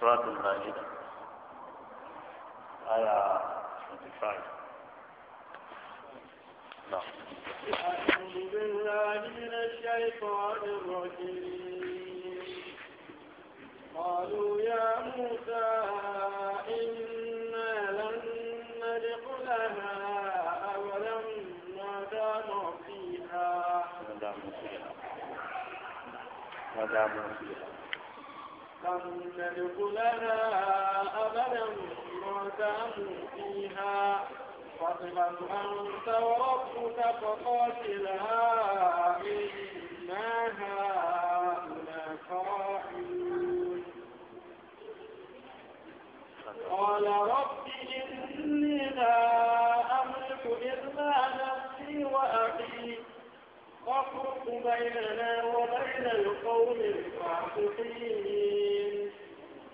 سورة المائدة آية 25 نعم بالله من الشيطان الرجيم قالوا يا موسى إنا لن ندخلها أولا ما داموا فيها ما داموا فيها ما داموا فيها لنا أبدا ما داموا فيها فاضغط أنت وربك فقاتلا إنا هؤلاء قاعدون قال رب إني لا أملك إلا نفسي وأخي واحكم بيننا وبين القوم الفاسقين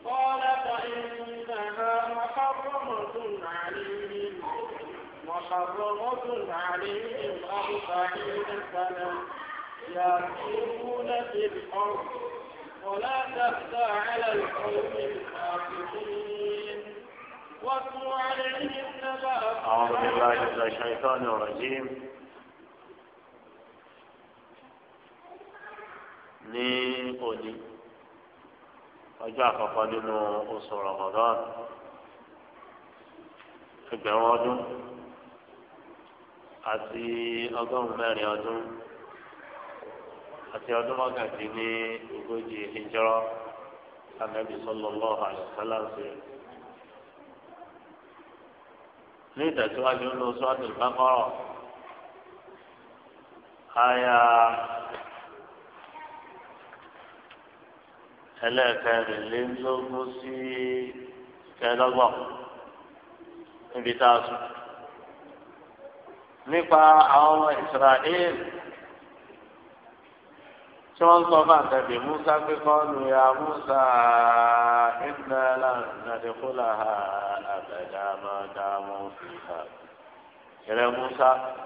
قال فإنها محرمة عليهم محرمة عليهم أربعين سنة يأكلون في الأرض ولا تخفى على القوم الفاسقين واتل عليهم نبأ أعوذ بالله من الشيطان الرجيم ní òní ọjọ́ àkọ́kọ́ nínú oṣù rọ̀mọ̀dán ẹgbẹ̀rún ọdún àti ọgọ́rùn-ún mẹ́rin ọdún àti ọdún mọ́kàndín ní ogójì ní ألا كان للنفوس كان الله انبتاز نقع عوام إسرائيل شوان طبعا تبي موسى بقولوا يا موسى إنا لا ندخلها أبدا ما داموا فيها يا موسى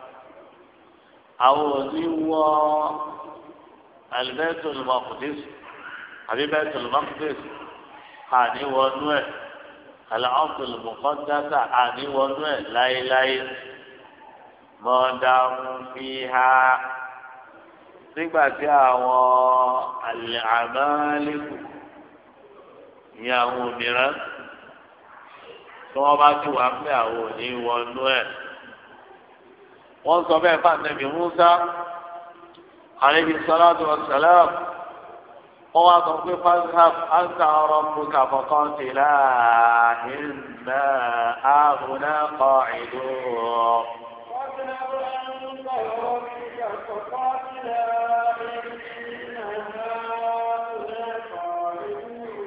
أعوذ الله البيت المقدس àbí bẹ́tùl mọ́kìdìs àníwọ̀nú ẹ̀ àlàáfíìl mùkọ́dásà àníwọ̀nú ẹ̀ láéláé mọ́dàmú fi ha nígbà tí àwọn àlẹ́ àmàlẹ́kù ní àwọn òmìnira tí wọ́n bá ti wà pé àwọn òní wọnú ẹ̀ wọ́n sọ bẹ́ẹ̀ fún àtẹ̀bí Musa àlebi sọlá tó wọ́n sọlá wọ́n wá sọ pé fásitì àǹkà ọ̀rọ̀ mbùkà fọ̀kàn sí là ìlà àbùnà kọ́ ìlú.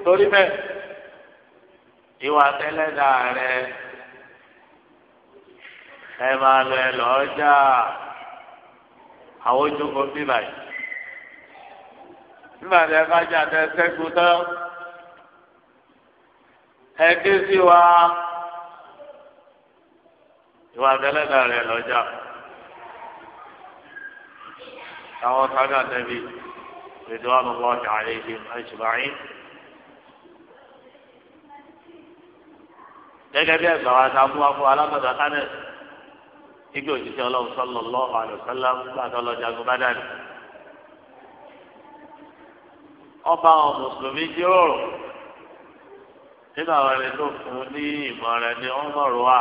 torí bẹ́ẹ̀ ìwà tẹ́lẹ̀dá rẹ ẹ máa lọ ẹ lọ́ọ́ jà àwọn ojú bíbáyìí nígbà tí ẹ bá jà tẹ tán ẹ ké sí wa ìwà tẹ́lẹ̀dà rẹ̀ lọ́jà àwọn sábà tẹ́bi ètò àlùbọ̀ ṣàlẹ̀ ìṣùbáyé. gẹ́gẹ́ bí ẹgbẹ́ wa ta mú afọ alágbàdo kánẹ̀ igi òṣìṣẹ́ ọlọ́run sọlọ lọ́ọ́ àlùsọ́lá gbàdọ́ lọ́jà gbọ́dá ni. ọba àwọn mùsùlùmí jíròrò nínú àwọn ẹni tó fún un ní ìmọ̀ràn ni wọ́n mọ̀rọ̀ wá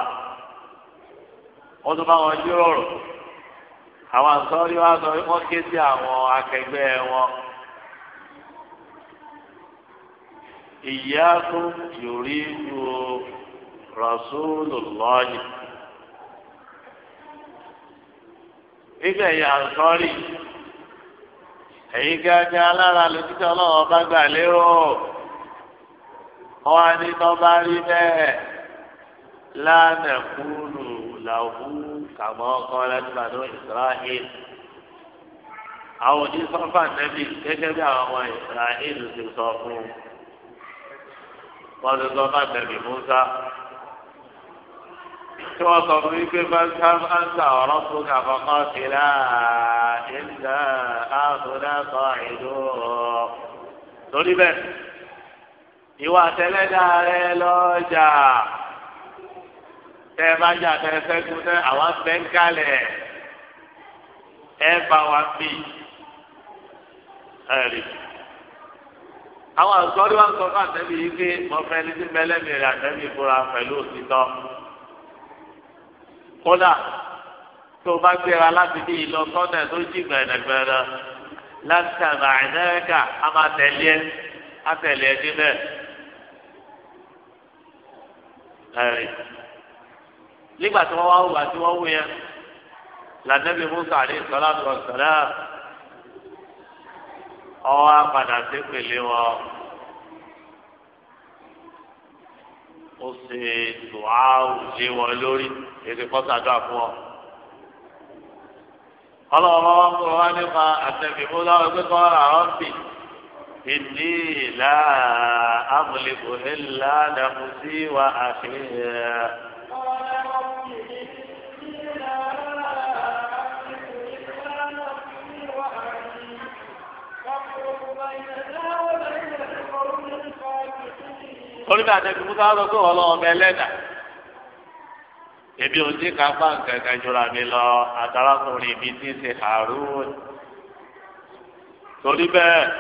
wọ́n tún bá wọn jíròrò àwọn àǹsọ́rí wa sọ pé wọ́n ké sí àwọn akẹgbẹ́ wọn. ìyáàkú nígbà èyí gángan alára lójútì ọlọ́wọ́ bá gbà lérò wọn á tó bá rí bẹ́ẹ̀ lánà kúlù làwù kàmọ́ kan láti bàdó Israel àwọn òní sọ́fà nẹ́bí gẹ́gẹ́ bí àwọn wọn ti sọ́fà Musa. tí wọ́n sọ fún mi pé bàtàm àǹtà ọ̀rọ̀ fún kàkọ́kọ́ sí là ìlà àbúrò sọ ìlú. torí bẹ́ẹ̀ ìwà tẹ́lẹ́dà rẹ lọ́jà tẹ́ ẹ bá jà tẹ́ ẹ tẹ́ àwọn bẹ́ẹ̀ ẹ bá wa bí ẹ̀rí àwọn àgbọ̀dọ̀ wa sọ fún àtẹ́bí yìí pé mo fẹ́ ní sí mẹ́lẹ́mìíràn àtẹ́bí ìfura pẹ̀lú òtítọ́ kódà tó bá gbéra láti bí ìlọ sọ́nà tó jí gbẹ̀rẹ̀gbẹ̀rẹ̀ láti àgbà àìnẹ́rẹ́kà á máa tẹ̀lé ẹ́ á tẹ̀lé ẹ́ níbẹ̀. ẹ̀rì nígbà tí wọ́n wá wùwà tí wọ́n wù yẹn lànàbí musa àdé sọlá tó sọlá ọwọ́ apàdà sí pèlè wọn. ó ṣe dùá òjé wọn lórí èdè kọ́sàdọ́ àfún ọ. ọlọ́wọ́ wọn kọ́ wá nípa àtẹ̀fẹ̀mú láwọn pé kọ́ ra ọ́n bì ìdí ìlà àmúlẹ̀kùn ńlá nàmùsí wa àfihàn. torí bí àtẹ̀kù musa sọ pé ọlọ́run bẹ lẹ́dà ebi ò sí kápá nǹkan kan jura mi lọ àtàràkùnrin mi ti ṣe Harun torí bẹ́ẹ̀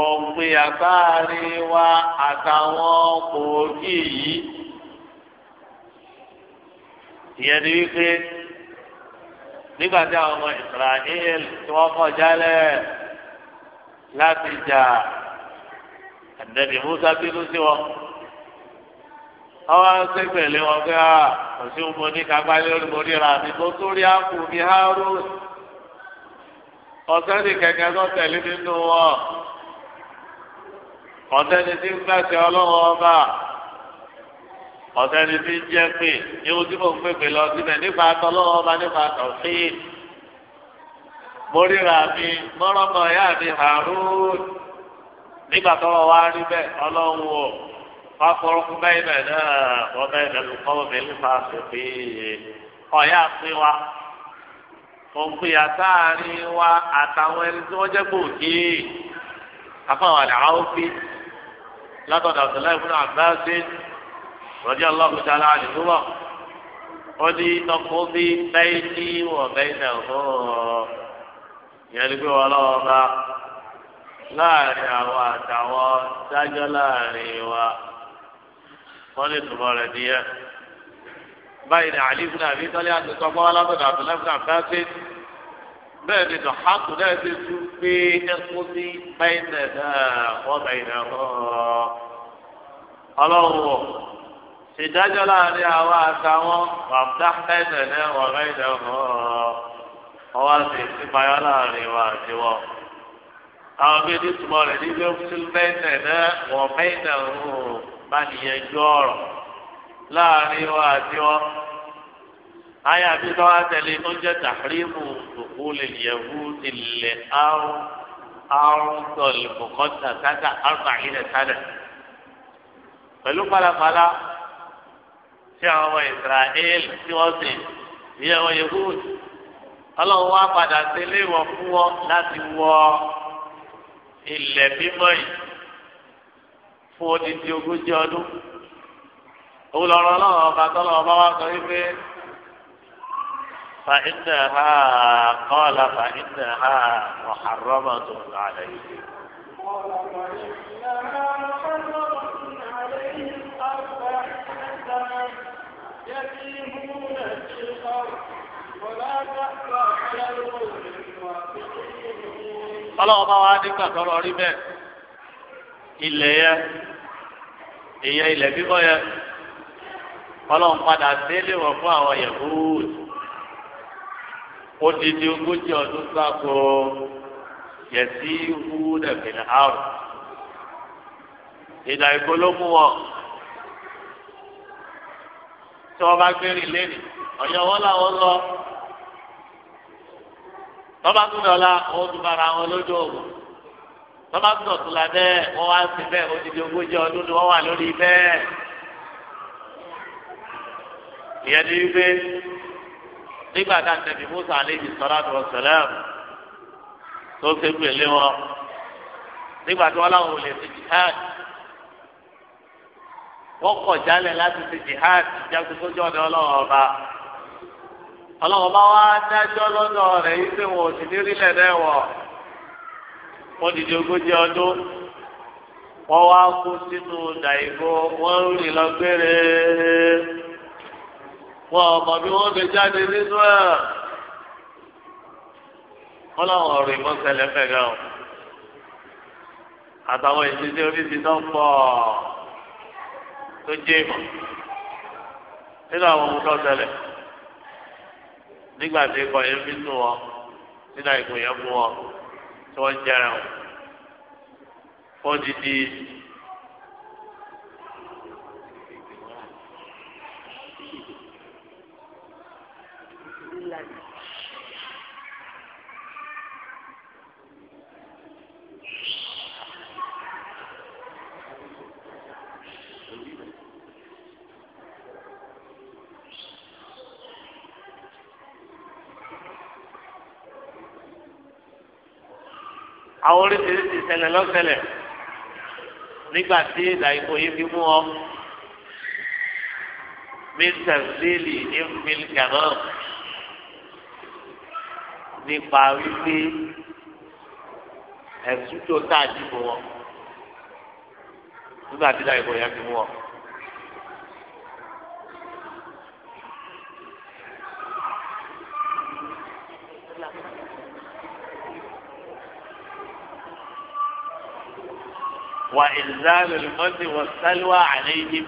òpin àbáàrí wa àtàwọn kòókì yìí ìyẹn ni wípé nígbà tí àwọn ọmọ Israel tí wọ́n kọjá lẹ̀ láti jà nẹ́bí musa bínú sí wọn àwọn aṣèpèlè wọn pé a ah, kò sí mo ní kagbálẹ́ lórí mo ríra mi tó tó rí àpò mi háró ọ̀sẹ́ ní kẹ̀kẹ́ tó tẹ̀lé nínú wọn ọ̀sẹ́ ní ti ń gbàṣẹ ọlọ́wọ́ ọba ọ̀sẹ́ ní ti ń jẹ́ pé ewu tí mo ń pèpè lọ síbẹ̀ nípa tọ́lọ́wọ́ ọba nípa tọ̀síìn mo ríra mi mọ́rọ́mọ́ ìyá mi háró. nígbà tọrọ wá rí bẹ́ẹ̀ ọlọ́run o fáfọrọ fún bẹ́ẹ̀ bẹ́ẹ̀ náà wọ́n bẹ́ẹ̀ bẹ́ẹ̀ lùkọ́ mi nípa àṣepé pé wa òǹpìyà sáàárín wa àtàwọn ẹni tí wọ́n gbòógì ó fi a lára nìkú wọ̀ ó ní tọkọ bí bẹ́ẹ̀ ní láàrin àwọn àtàwọn dájọ́ láàrin wa wọ́n lè túbọ̀ rẹ̀ nìyẹn. báyìí ni àlì fúnà àbí tọ́lẹ́ àti tọ́gbọ́n wa látọ̀dọ̀ àtúnlẹ̀ fúnà fẹ́ẹ́ bẹ́ẹ̀ ni dọ̀hákù náà ti tú pé ẹkún sí báyìí náà wọ́n báyìí náà ọlọ́run wọ̀ ìdájọ́ láàrin àwọn àtàwọn bàbá báyìí náà wọ́n báyìí náà ọwọ́ àwọn bíi ní tùmọ̀ rẹ̀ ní ilé sílẹ̀nà náà wọ́n mẹ́nà òun bá nìyẹn ju ọ̀rọ̀ láàrin wa àti wọn. àyà bí wọ́n á tẹ̀lé tó ń jẹ́ tàrímù òkú lè yẹ̀wù tilẹ̀ àrùn àrùn tọ̀lẹ̀ kọ̀kọ́tà sáta àrùn àyìnlẹ̀ sálẹ̀. pẹ̀lú palapala tí àwọn ọmọ Israel tí wọ́n sì yẹ wọ́n yẹ̀wù ọlọ́run wá padà sí ilé fún wọn láti wọ́ ọ. ilẹ̀ mímọ́ yìí fún odidi ogójì ọdún òun lọ́rọ̀ ọlọ́run ọba tọ́lọ́ ọba wa sọ wípé fa iná ha kọ́ọ̀lá fa iná ha mọ̀hárọ́mà tó ń lọ àlẹ́ yìí. يتيمون في الأرض ولا تأتى على القوم ọlọ́wọ́ bá wá nígbà tọrọ rí bẹ́ẹ̀ ilẹ̀ yẹn ìyẹn ilẹ̀ bíbọ́ yẹn ọlọ́run padà délé wọ̀ fún àwọn yahood odidi ogójì ọdún sáko yẹtí húdà fìlà áwù ìdá ìgbólómù wọn tí wọn bá gbé rìn lẹ́nu ọ̀yọ́ wọn làwọn lọ tọ́ba tún dọ̀la wọ́n tún bára wọn lójú òògùn tọ́ba tún dọ̀tún la bẹ́ẹ̀ wọ́n wá sí bẹ́ẹ̀ odidi ogójì ọdún ni wọ́n wà lórí bẹ́ẹ̀. ìyẹn ni wípé nígbà tá a tẹ̀lé Musa aleyhi salatu wa salam tó ṣe gbèlé wọn nígbà tí wọ́n láwọn ò lè fi jihad wọ́n kọ̀ jálẹ̀ láti fi jihad jáde sójú ọ̀dọ̀ ọlọ́wọ́ ọba ọlọ́run bá wá dájọ́ lọ́dọ̀ rẹ̀ yìí pé wọn ò sì ní orílẹ̀ náà wọ̀ wọ́n dìde ogójì ọdún wọ́n wá kú sínú dàìgbò wọ́n rìn lọ gbére wọ́n ọmọ bí wọ́n fi jáde nínú ẹ̀ wọ́n láwọn ọ̀rọ̀ ìmọ̀sẹ̀lẹ̀ fẹ̀ o àtàwọn ìṣiṣẹ́ oríṣi pọ̀ tó jẹ́ ìmọ̀ nínú àwọn ohun tó ṣẹlẹ̀ nígbà tí ikọ̀ yẹn fi nù ọ nínú àìkú yẹn mú ọ tí wọ́n jẹrẹ ọ fọ́dídì àwọn oríṣiríṣi ìṣẹ̀lẹ̀ lọ́sẹ̀lẹ̀ nígbà tí ìdàgbò yìí fi mú ọ mr zeli emil kanon nípa wípé ẹ̀sùn tó tá a dìbò wọn nígbà tí ìdàgbò yẹn fi mú ọ. وإلزام القتل والسلوى عليهم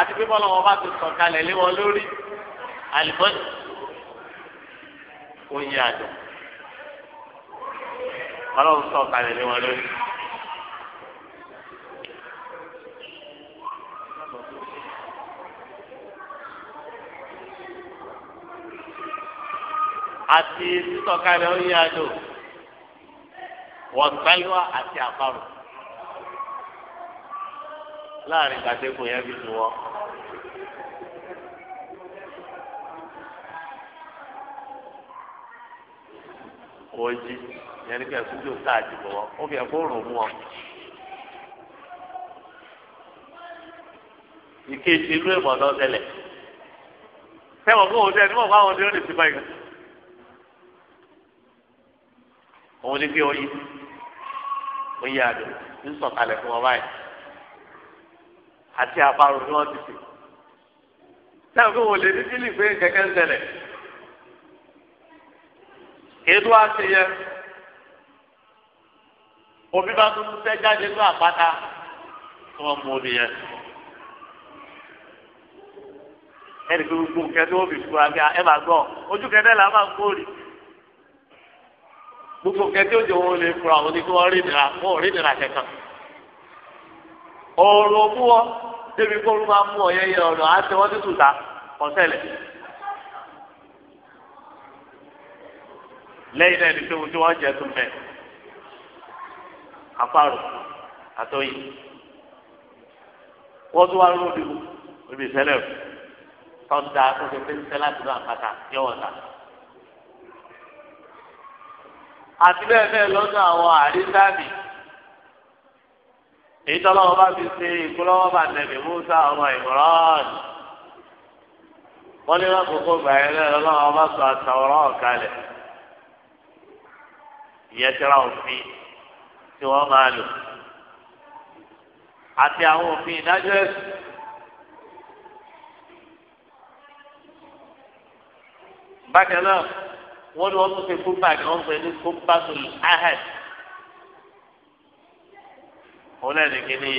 àti pé bọ́lá wọn bá ti sọ kalẹ̀ lé wọn lórí àlùbọ́sì oyin àjọ ọlọ́run sọ kalẹ̀ lé wọn lórí. àti sísọ̀kalẹ̀ oyin àjọ wọ̀nsáyíwá àti àparò láàrin gbàdégbò yẹn bí tu wọn. oji yẹn ní kí ẹsùn tó sáà ti bọ̀ wọ́n ó fi ẹ̀kọ́ rò mú ọ. ìkejì ìlú èmọ̀ náà tẹ̀lẹ̀ sẹ́wọ̀n fún òun tẹ́ ẹni mọ̀ fún àwọn tí ó lè ti bá òun ni kí oyin oyè àdó ń sọ̀kalẹ̀ fún wọn báyìí àti àparò ni wọ́n ti sè sẹ́wọ̀n kí wọ́n lè ní kílì pé kẹ̀kẹ́ ń ṣẹlẹ̀ èdè wa ti yẹ omi bá tún fẹ́ jáde ní àpáta tí wọ́n mú omi yẹn ẹnì kí gbogbo nǹkan tí wọ́n fi bí ẹ máa gbọ́ ojú kẹtẹ́ là máa ń kórìí gbogbo kẹtí òjò wọn lè fura àwọn ni, kí wọn rí ìdìrà wọn rí ìdìrà kẹkàn ọ̀rọ̀ mú ọ débi kó ló máa mú ọ yẹyẹ ọ̀rọ̀ àti wọn ti tùtà ọsẹlẹ lẹ́yìn náà ní pé ojú wọn jẹ tún bẹ àparò àtọyìn wọn tún wá lóde ibi ìṣẹ̀lẹ̀ tọ́ da tó ṣe pé ń ṣẹlẹ̀ àti ta. àti bẹ́ẹ̀ bẹ́ẹ̀ lọ́dọ̀ àwọn àrísàmì èyí tọ́lọ́wọ́ bá fi ṣe ìkúlọ́wọ́ bá ọmọ Imran wọ́n ní lákòókò báyìí lẹ́yìn lọ́wọ́ bá sọ àtàwọ̀rọ̀ ọ̀kalẹ̀ ìyẹn òfin tí wọ́n máa lò àti àwọn òfin ìdájọ́ wọ́n ní wọ́n tún ṣe kúmbà ní wọ́n pè ní kúmbà tó lè ahad wọ́n náà ní kíní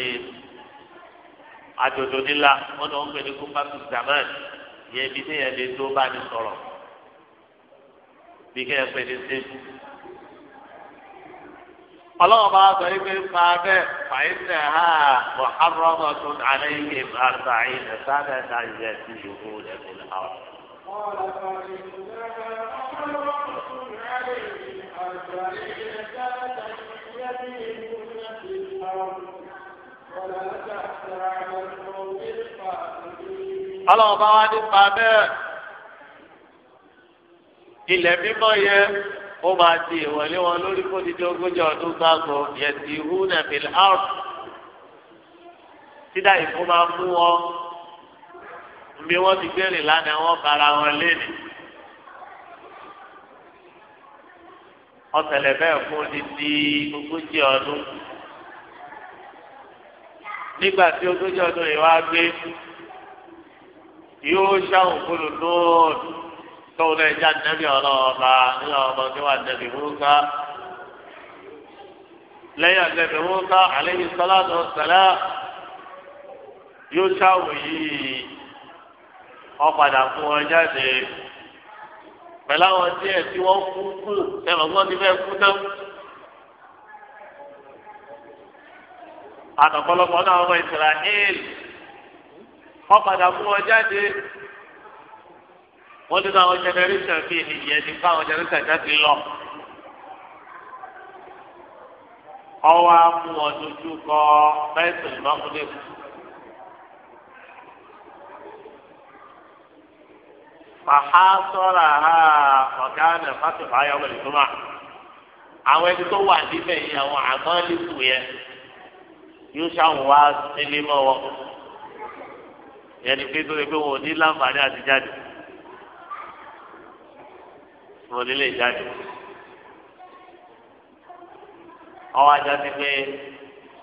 àjòjò nílá wọ́n ní wọ́n pè ní kúmbà tó zaman yẹ ibi tí yẹn lè tó bá ní sọ̀rọ̀ bí kẹ́yìn pè ní sẹ́kù ọlọ́run bá sọ yìí pé nípa bẹ́ẹ̀ fàyínà ha muhammadun alayhi ibrahim sábẹ́ náà yẹ ti yòókù lẹ́kùn náà. قال فإنها أمرة عليه حتى إذا كانت يمينهن في الأرض ولا تحت على القوم الفاسقين. الله بعد قابل ilẹ̀ mímọ́ yẹn ó máa di ìwọlé wọn lórí kó dídí ogójì ọdún gbàgbọ́ yẹtì húnẹ̀fìlì áùt sídà ìfún máa mú wọn nbí wọn ti gbẹrìn lánàá wọn bára wọn léni ọtẹlẹ bẹ́ẹ̀ fún odidi ogójì ọdún nígbà tí ogójì ọdún yìí wá gbé yóò ṣàwọn olùdóòdù tóun náà já nẹbi ọlọ́ọ̀ba nínú ọmọ tí wà wúkà lẹ́yìn nẹbi wúkà aleyhi sọlá tó sẹlẹ yóò ṣàwọn yìí ọ̀padà fún wọn jáde pẹ̀lú àwọn díẹ̀ tí wọ́n kú kú ẹ̀rọ wọn ti fẹ́ kú náà. àtọ̀pọ̀lọpọ̀ náà wọ Israel ọ̀padà fún wọn jáde wọ́n ti táwọn generation bíi ìyẹn ti fáwọn generation kan ti lọ. ọwọ́ amú ọdún ojú kọ bẹ́ẹ̀ tó lọ́kùnrin. fàhásọ́ra ha ọ̀gá náà fásitì ayọ̀ ọmọ ìgbìmọ̀ àwọn ẹni tó wà níbẹ̀ yìí àwọn àmọ́lẹ́kù yẹn yóò ṣàwọn wá sílé mọ́ wọn yẹn pé tó lè pé wọn ò ní láǹfààní àti jáde wọn ní lè jáde ọwọ́ ajá ti pé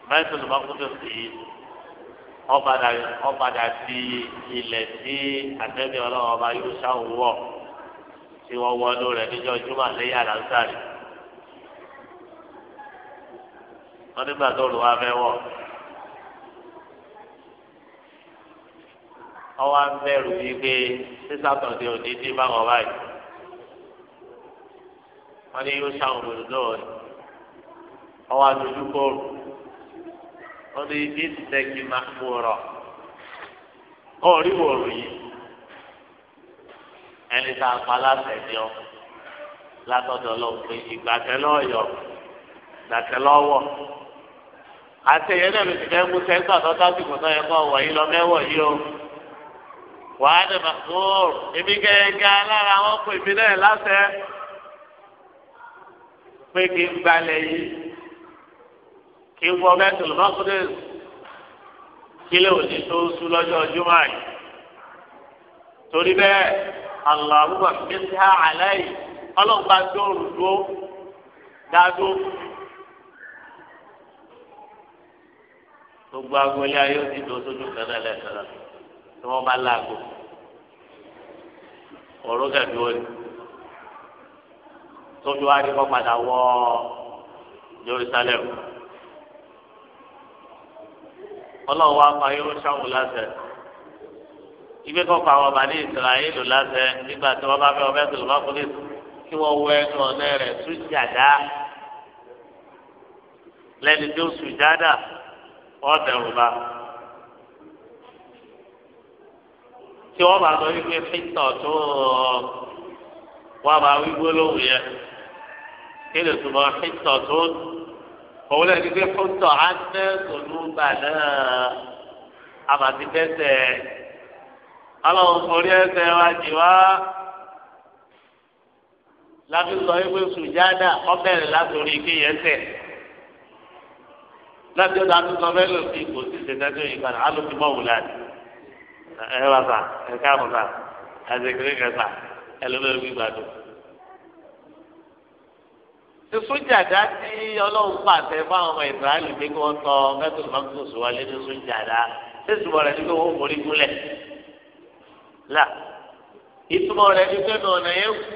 mẹ́tò ló bá kú tó sí i ọ̀padà ọ̀padà sí ilẹ̀ tí àtẹ́bí ọlọ́wọ́ ọba yóò ṣáwó tí wọ́n wọnú rẹ̀ níjọ́ júmọ̀ lẹ́yìn àlàńsàrì. wọ́n nígbà tó lù wá fẹ́ wọ̀. ọwọ́ ń bẹ̀rù yí pé sísàtọ̀dé òní dí báwọn báyìí. wọ́n ní yóò ṣáwó lòdò ọwọ́ àdójúkòrò. wọn ní ìdẹ́gì máa kú rọ yìí ẹni tá a pa látẹ̀jọ́ látọ̀dọ̀ lọ pé ìgbàtẹ́ lọ́yọ̀ ìgbàtẹ́ lọ́wọ́ àti ẹ̀yẹ́ náà ló fẹ́ mú sẹ́ńtà tó tásìkò náà yẹ kó wọ̀nyí lọ mẹ́wọ̀ yìí o wàá gẹ́gẹ́ kí n wọ bẹ́tùl mọ́kúndínlẹ̀ kílẹ̀ òní tó sú lọ́jọ́ jùmọ̀ yìí torí bẹ́ẹ̀ aláwùmọ̀ mẹ́ta àlàyé ọlọ́gbà dóòrù dúó dádó gbogbo agolé ayé ti dò sójú kan náà lẹ́sẹ̀rẹ̀ tí wọ́n bá láago ọ̀rọ̀ gàdú ọ̀rẹ́ tójú wa ni wọ́n padà wọ Jerusalem ọlọ́run wá pa yóò ṣàwù láṣẹ ibi kan pa àwọn bàdé ìsirayélu láṣẹ nígbà tí wọ́n bá fẹ́ ọbẹ̀ tó lọ́ba fúnlẹ̀ kí wọ́n wọ ẹnu ọ̀nà rẹ̀ sùjàdá lẹ́ni tó sùjàdá ọ̀dẹ̀rù bá. tí wọ́n bá lọ wípé pítọ̀ tó wọ́n bá wí gbólóhùn yẹn kí lè túbọ̀ pítọ̀ tó òun lẹ́nu pé kó tọ̀ á tẹ́ sòlúbà náà àmàtí tẹ́sẹ̀ ọlọ́run forí ẹsẹ̀ wa jì wá láti sọ wípé sùjádà ọbẹ̀rẹ̀ látòrí kéyẹsẹ̀ láti ọ̀dọ̀ àtúntò fẹ́ lò sí kò sí ṣètẹ́tẹ́ yìí padà á ló ti mọ̀ wùlá ni ẹ wá àti ìkíní kẹsà ẹ ló gbígbà tó sójàdá tí ọlọ́run pàṣẹ fáwọn ọmọ ìsirahàlì pé kí wọ́n tọ mẹ́tòlù mọ́tòsù wọlé ní sójàdá sẹ́sùmọ̀ rẹ̀ nígbà owó borí gúnlẹ̀ là ìtumọ̀ rẹ̀ ní pé ọ̀nà yẹn kú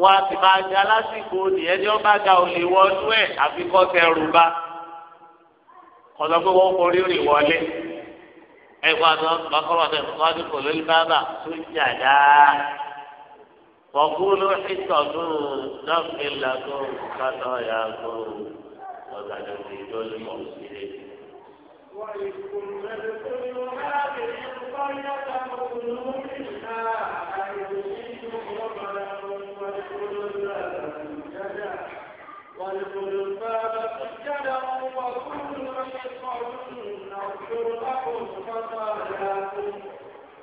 wọn àti máa jẹ alásìkò nìyẹn ní ọba ga ò lè wọnú ẹ̀ àfi kọ́ tẹ ẹrù bá kọ́tọ́ pé wọ́n borí rìn wọlé ẹ̀ wọ́n àti wọn kọ́ wọn ní kò lórí وقولوا حصة نغفر لكم خطاياكم وسنزيد المحسنين وإذ كنتم تدخلوا هذه القرية فكلوا منها حيث شئتم وبلغوا وادخلوا الباب سجدا وادخلوا الباب سجدا نغفر لكم خطاياكم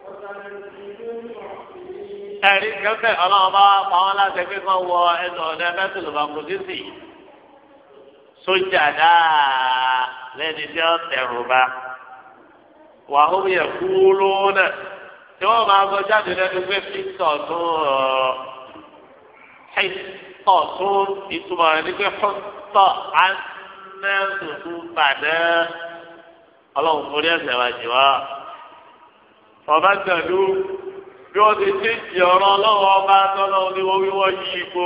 وسنزيد المحسنين ẹ̀rí kẹfẹ́ ọlọ́run bá pa pé kán wọ ẹnu ọ̀nà ẹ̀fẹ́sì lọ́ba kò sí sí sójà dáa lẹ́ni tí ó tẹ̀rù bá wà ó yẹ kúló náà tí wọ́n máa gbọ́ jáde lẹ́nu pé pítọ̀ tún pítọ̀ ìtumọ̀ rẹ̀ ní pé pítọ̀ anẹ́sùtù bàdẹ́ ọlọ́run forí ẹ̀sẹ̀ wájú wa ọba gbẹ̀dú. bí wọ́n ti ṣe ti ọ̀rọ̀ ọlọ́wọ́ ọba tọ́lá oníwọ́ wíwọ́ yí ipò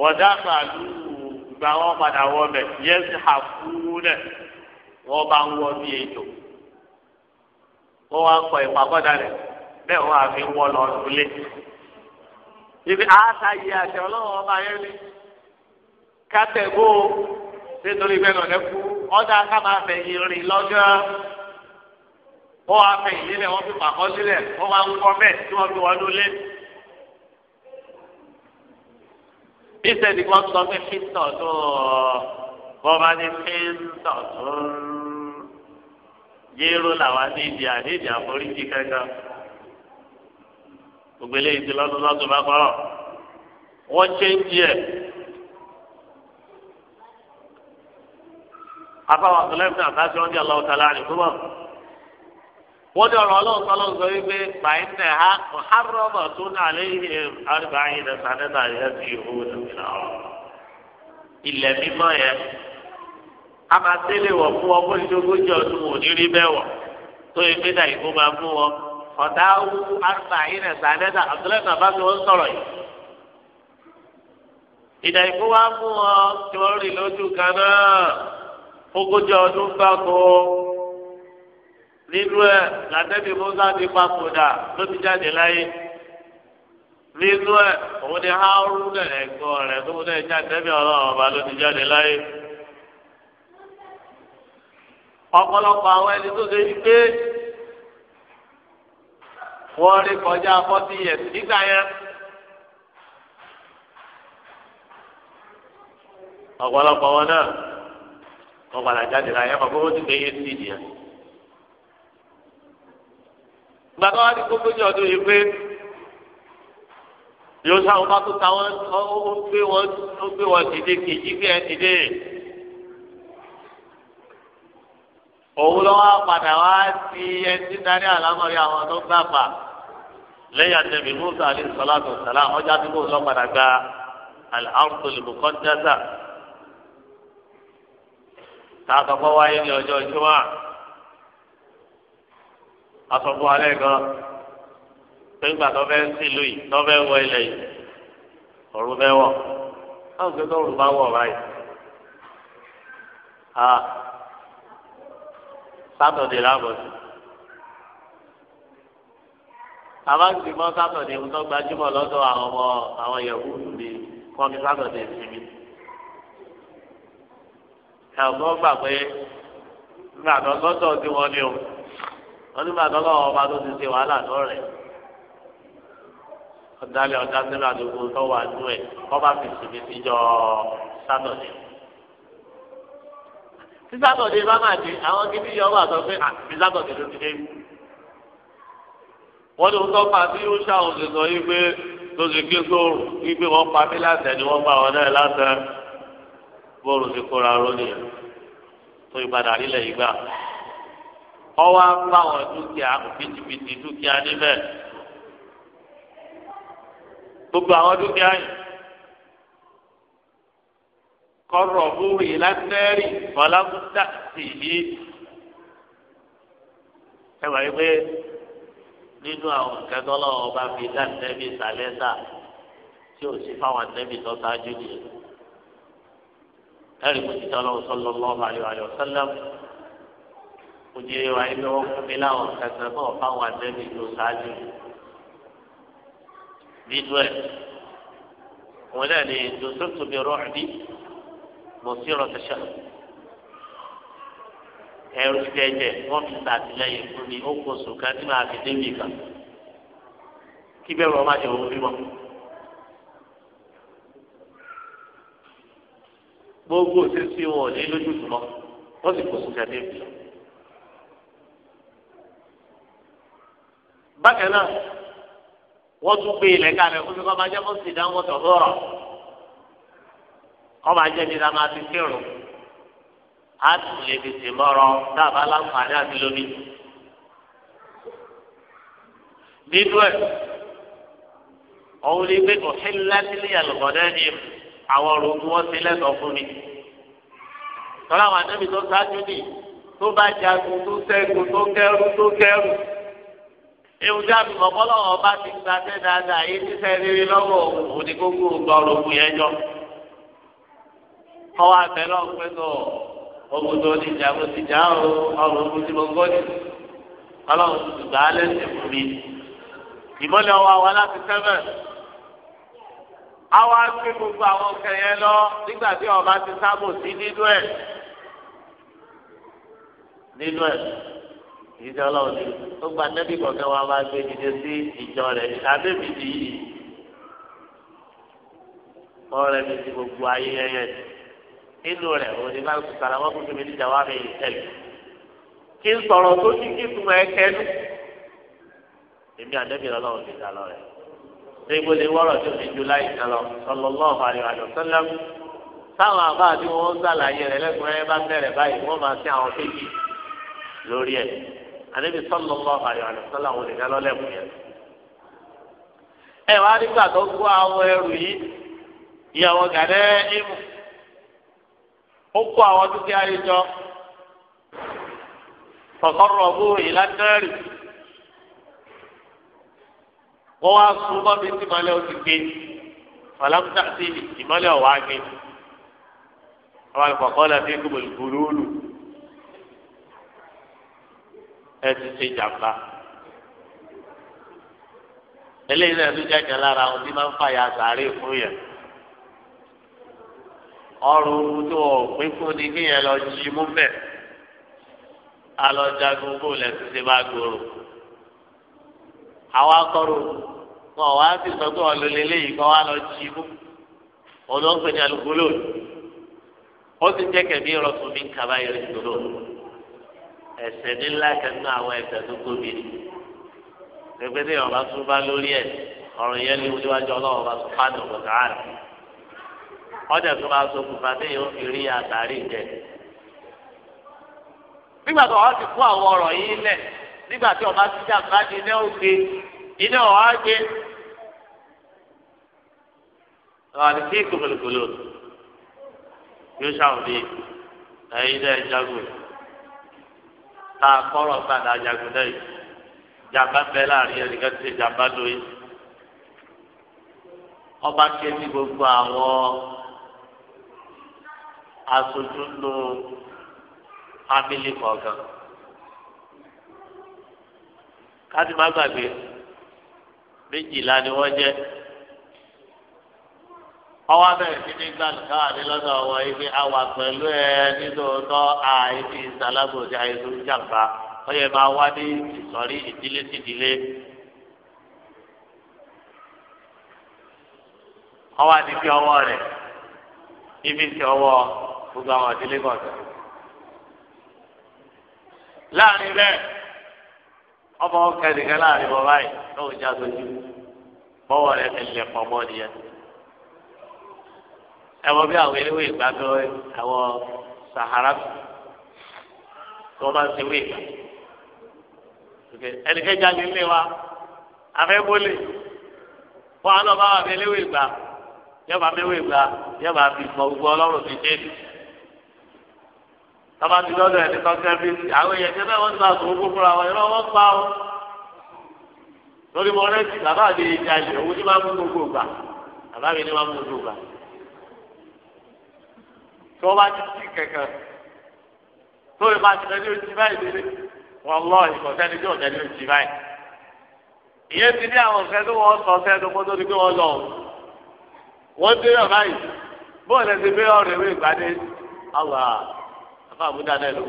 wọ̀dà pàlú ìgbà wọn padà wọ bẹ̀ bá ń wọ bí wá kọ ìpàkọ́dà rẹ bẹ́ẹ̀ wọ́n àfi wọ́ lọ sílé. ibi àáta yìí ọlọ́wọ́ ọba yẹn ni kátẹ́gbó nítorí bẹ́ẹ̀ ọ̀dà ká wọ́n wá fẹ́ ìdílé wọ́n fi pàkọ́ sílẹ̀ wọ́n wá ń kọ́ bẹ́ẹ̀ tí wọ́n fi wọnú lé. ìsèdí kan sọ pé pítọ̀ tó wọ́n bá ní pítọ̀ tó yéèrò làwọn ní ìdí àdéhìí àforíjì kankan. gbogbo eléyìí ti lọ́dún lọ́dún bá kọ́rọ̀ wọ́n ṣe ń di ẹ̀. afáwọn àtúnlẹ́fún àtàṣe wọn di ọlọ́wọ́ tala àdìgbò bọ̀ wọ́n ní ọ̀rọ̀ ọlọ́run sọlọ́run sọ wípé bàyìnà ha ọ̀hárọ́bà tó náà léyìn àrùbá yìí lọ sàdẹ́nà yẹn ti owó lómìnà ọ̀rọ̀. ilẹ̀ mímọ́ yẹn a máa tẹ́lẹ̀ wọ̀ fún ọ bóyá ogójì ọdún wò rí bẹ́ẹ̀ wọ̀ tó yẹ pé dàí máa mú wọn. ọ̀tá wú àrùbá yìí lọ sàdẹ́nà àtúlẹ̀sà bá fi wọ́n sọ̀rọ̀ yìí. ìdà ìkó wá mú wọn tí wọ́n rí lójú kan náà nínú ẹ lànàbí musa ti papòdà ló ti jáde láyé nínú ẹ òun ni haruna ẹ̀gbọ́n rẹ̀ tó ń jáde lẹbi ọba ló ti jáde láyé ọ̀pọ̀lọpọ̀ àwọn ẹni tó ṣe gbé wọn rí kọjá fọtí yẹn nígbà yẹn. ọ̀pọ̀lọpọ̀ wọn náà wọ́n padà jáde láyé ọ̀pọ̀ ó ti gbé yé sí ìdíyẹn gbàgbọ́ wa ní gbogbo ọdún yìí pé yóò sá wọn bá tó ta wọn ó gbé wọn ó gbé wọn dìde kejì bí ẹ dìde òun lọ wá padà wá sí ẹtí darí àlámọ̀rí àwọn tó gbà pa lẹ́yìn àtẹ̀bí musa alayhi salatu wa salam ọjà tó kó lọ padà gba al-ardul muqaddasa tààtọ̀ kọ́ wáyé ní ọjọ́ ìjọba asọ̀bọ̀ alẹ́ gan pẹ̀lúgbà tó fẹ́ sí ìlú yìí tó fẹ́ wọ ilẹ̀ yìí ọ̀run fẹ́ wọ̀ báwo ṣe tó rùn bá wọ̀ báyìí. a sátọ̀dé lábọ̀ sí. àbáǹtì mọ́ sátọ̀dé ń tó gbajúmọ̀ lọ́dọ̀ àwọn ọmọ àwọn yẹ̀wù ní kọ́mi sátọ̀dé síbi. ẹ̀gbọ́n gbà pé nígbà tó lọ́dọ̀ tí wọ́n ní o wọn nígbà tó lọ́wọ́ ọba tó ti ṣe wàhálà tó rẹ̀ ọ̀dàlẹ̀ ọ̀dà sílẹ̀ àdúgbò tó wà nú ẹ̀ ọba fi ṣèbí síjọ sátọ̀dẹ̀. tí sátọ̀dẹ̀ bá máa di àwọn gidi yọ wà sọ pé àbí sátọ̀dẹ̀ ló ti dé. wọ́n ní wọ́n pa sí yóò ṣàwọn òṣèlú yìí pé tó ti ké sóòrù yìí pé wọ́n pa mí láṣẹ ni wọ́n pa wọn náà láṣẹ bóòrù ti kóra rónìyàn tó ìpadà nílẹ̀ yìí gbà ọwọ́ afáwọn dúkìá òbítíbitì dúkìá níbẹ̀ gbogbo àwọn dúkìá yìí kọ́rọ̀ múri lánàárì fọlámúta tìlí ẹ wáyé pé nínú àwọn kẹtọ́ lọ́wọ́ bá fi lánàárì sàlẹ́sà tí ò sí fáwọn àtẹ́bí tó ṣáájú nìyẹn ẹ̀rí kò ti tọ́ lọ́wọ́ sọ́lọ́lọ́ àlè àlè òjìrè wa ẹgbẹ́ wọn fún mi láwọn kankan náà fáwọn àtẹ́bí tó ṣáájú nínú ẹ̀ wọn náà ní dòṣòtò mi rọ́ọ̀ bí mo sì rọ̀ tẹ̀sán ẹrù jẹjẹ wọn fi ṣàtìlẹ́yìn fún mi ó kó sùn kan tí màá fi débi kan kí bẹ́ẹ̀ wọ́n má jẹ òun bímọ. gbogbo òṣèṣì wọn ò ní lójútùmọ́ wọ́n sì kó sùn débi kan. bákan náà wọ́n tún gbé ilẹ̀ kalẹ̀ fún mi kọ́ máa jẹ́ fún sì dáhùn tó rọ̀ kọ́ máa jẹ́ ní dáhùn àti kírun á sì lè fi sè mọ́rọ̀ dábàá láǹfààní àti lómi. nínú ẹ̀ ọ̀hún ni pé òfin lásìlẹ̀ àlùkọ́dẹ́ ni àwọn ọ̀rọ̀ tí wọ́n ti lẹ́tọ̀ọ́ fún mi. tọ́lá àwọn àdébí tó nì tó bá jagun tó ṣẹ́gun tó kẹ́rù tó kẹ́rù ewu dábì mọ̀kọ́lọ́wọ́ ọba ti gba tẹ́ dáadáa yìí ti sẹ́ rírí lọ́wọ́ òní gbogbo gbọ́rọ̀ òkú yẹn jọ. kọ́wá bẹ́ẹ̀ lọ́wọ́ pé kọ́ ogun tó ti jà mo ti jà ó ọrùn ogun tí mo ń gbọ́dọ̀ ọlọ́run ti gbà á lẹ́sẹ̀ fún mi. ìmọ̀lẹ̀ ọwọ́ àwa láti sẹ́fẹ̀. àwa gbé gbogbo àwọn kẹyẹ lọ nígbà tí ọba ti sábò sí nínú ẹ̀ nínú ẹ̀ ìdíje ọlọ́run ni ó gba nẹ́bí kọ̀ọ̀kan wa máa gbé dìde sí ìjọ rẹ̀ ìdábẹ́ mi ti yìí ọ̀rẹ́ mi ti gbogbo ayé yẹyẹ inú rẹ̀ òun ni máa ń sara wọ́n fún mi níjà wá mi tẹ̀lé kí n sọ̀rọ̀ tó ní kí n tún ẹ kẹ́nu èmi ànẹ́bí ọlọ́run ti dà lọ rẹ̀ níbo ni wọ́rọ̀ tó fi ju láì sá lọ sallallahu alaihi wa sallam táwọn àbá àti wọn ń sàlàyé rẹ̀ lẹ́kùnrin bá bẹ̀rẹ̀ báyìí wọ́n máa sí àwọn kéèkì lórí ẹ̀ àdébí sọlọ bá àyọ àdìsọlá òun nìkan lọlẹ mú yẹn. ẹ wá nígbà tó kó àwọn ẹrù yìí ìyàwó gàdẹ ìmù ó kó àwọn dúkìá yìí jọ kọkọrọ ọgbọrọ yìí lánàárì wá sùn mọbi tí ìmọ́lẹ̀ ó ti gbé fàlámùtà sí ìmọ́lẹ̀ ọwá gbé àwọn àlùkò kọlà sí gbogbo ìgbòlóòlù. ẹ ti ṣe jàmbá eléyìí náà ló jẹ́ kan lára àwọn tí máa ń fàyà sàárè fún yẹn ọrùn tó òpin fún ni kéèyàn lọ jí mú bẹ́ẹ̀ alọ́jagun kó ṣe bá gbòòrò wọn wá sí sọ pé wá lọ jí mú òun ń pè ní alùpùpù lónìí ó ẹ̀ṣẹ̀ nílá kẹnu àwọn ẹ̀ṣẹ̀ tó tóbi ni pépé tí ọba tún bá lórí ẹ ọ̀rọ̀ yẹn ní oníwájú Ọlọ́run bá tún fáànù ọgọta àrà ọjà tó máa so kùfà tí yóò fi rí àtàrí jẹ nígbà tó ọba ti kó àwọn ọ̀rọ̀ yìí lẹ nígbà tí ọba ti jà bá di iná òkè iná ọwọ́ àgbẹ ọ̀rọ̀ tí kòkòlòkòlò yóò ṣàwọn bíi ẹ̀yin náà jagun. tá a kọ́rọ̀ gbàdá jagunlẹ̀ yìí jàmbá bẹ́ẹ̀ ka se ti jàmbá lóye ọba ké ní gbogbo àwọn aṣojú nù fámìlì kọ̀ọ̀kan káti ma gbàgbé méjìlá ni wọ́n Ọwa abẹ́rẹ́ sí ní gbàlùkà àdélọ́dọ̀ ibi àwà pẹ̀lú ẹ nítòótọ́ àìsí ìsàlágbòsí àìsí ìjàmbá ó yẹ máa wá ní ìsọ̀rí ìdílé sí ìdílé. dị àti ọwọ́ ibi ti ọwọ́ gbogbo àwọn ìdílé láàrin ọmọ láàrin báyìí lóun já sojú ẹ̀wọ̀n bí àwọn eléwé ìgbàgbọ́ àwọn sahara tí wọ́n máa ń sewé ìgbà ẹnìkẹ́ jáde ilé wa afẹ́bólè fún àwọn ọba wa eléwé ìgbà yọba méwé ìgbà yọba fi mọ gbogbo ọlọ́run ti dé tọ́ba ti lọ́dọ̀ ẹni kan kẹ́bí àwọn èèyàn tẹ́ bẹ́ẹ̀ wọ́n ti máa sọ owó fúnra wọn ìrọ̀ wọ́n pa ọ́ lórí mọ́rẹ́sì bàbá mi ìjà ìṣòwò ní máa mú gbogbo gbà bàbá mi ní máa mú gbogbo gbà tí wọ́n bá ti sí kẹ̀kẹ́ tó ìbá ti tẹ̀lé ojú báyìí délé wọn lọ ìkọ̀sẹ́ni tí ò tẹ̀lé ojú báyìí. ìyẹn ti ní àwọn ọ̀sẹ̀ tó wọ́n sọ ọ̀sẹ̀ tó kótó ni pé wọ́n lọ wọ́n dé yọ̀ báyìí bóòlù ẹ̀sìn pé ọ̀rọ̀ ìwé ìgbàdé àwà àfa àbúdá náà ló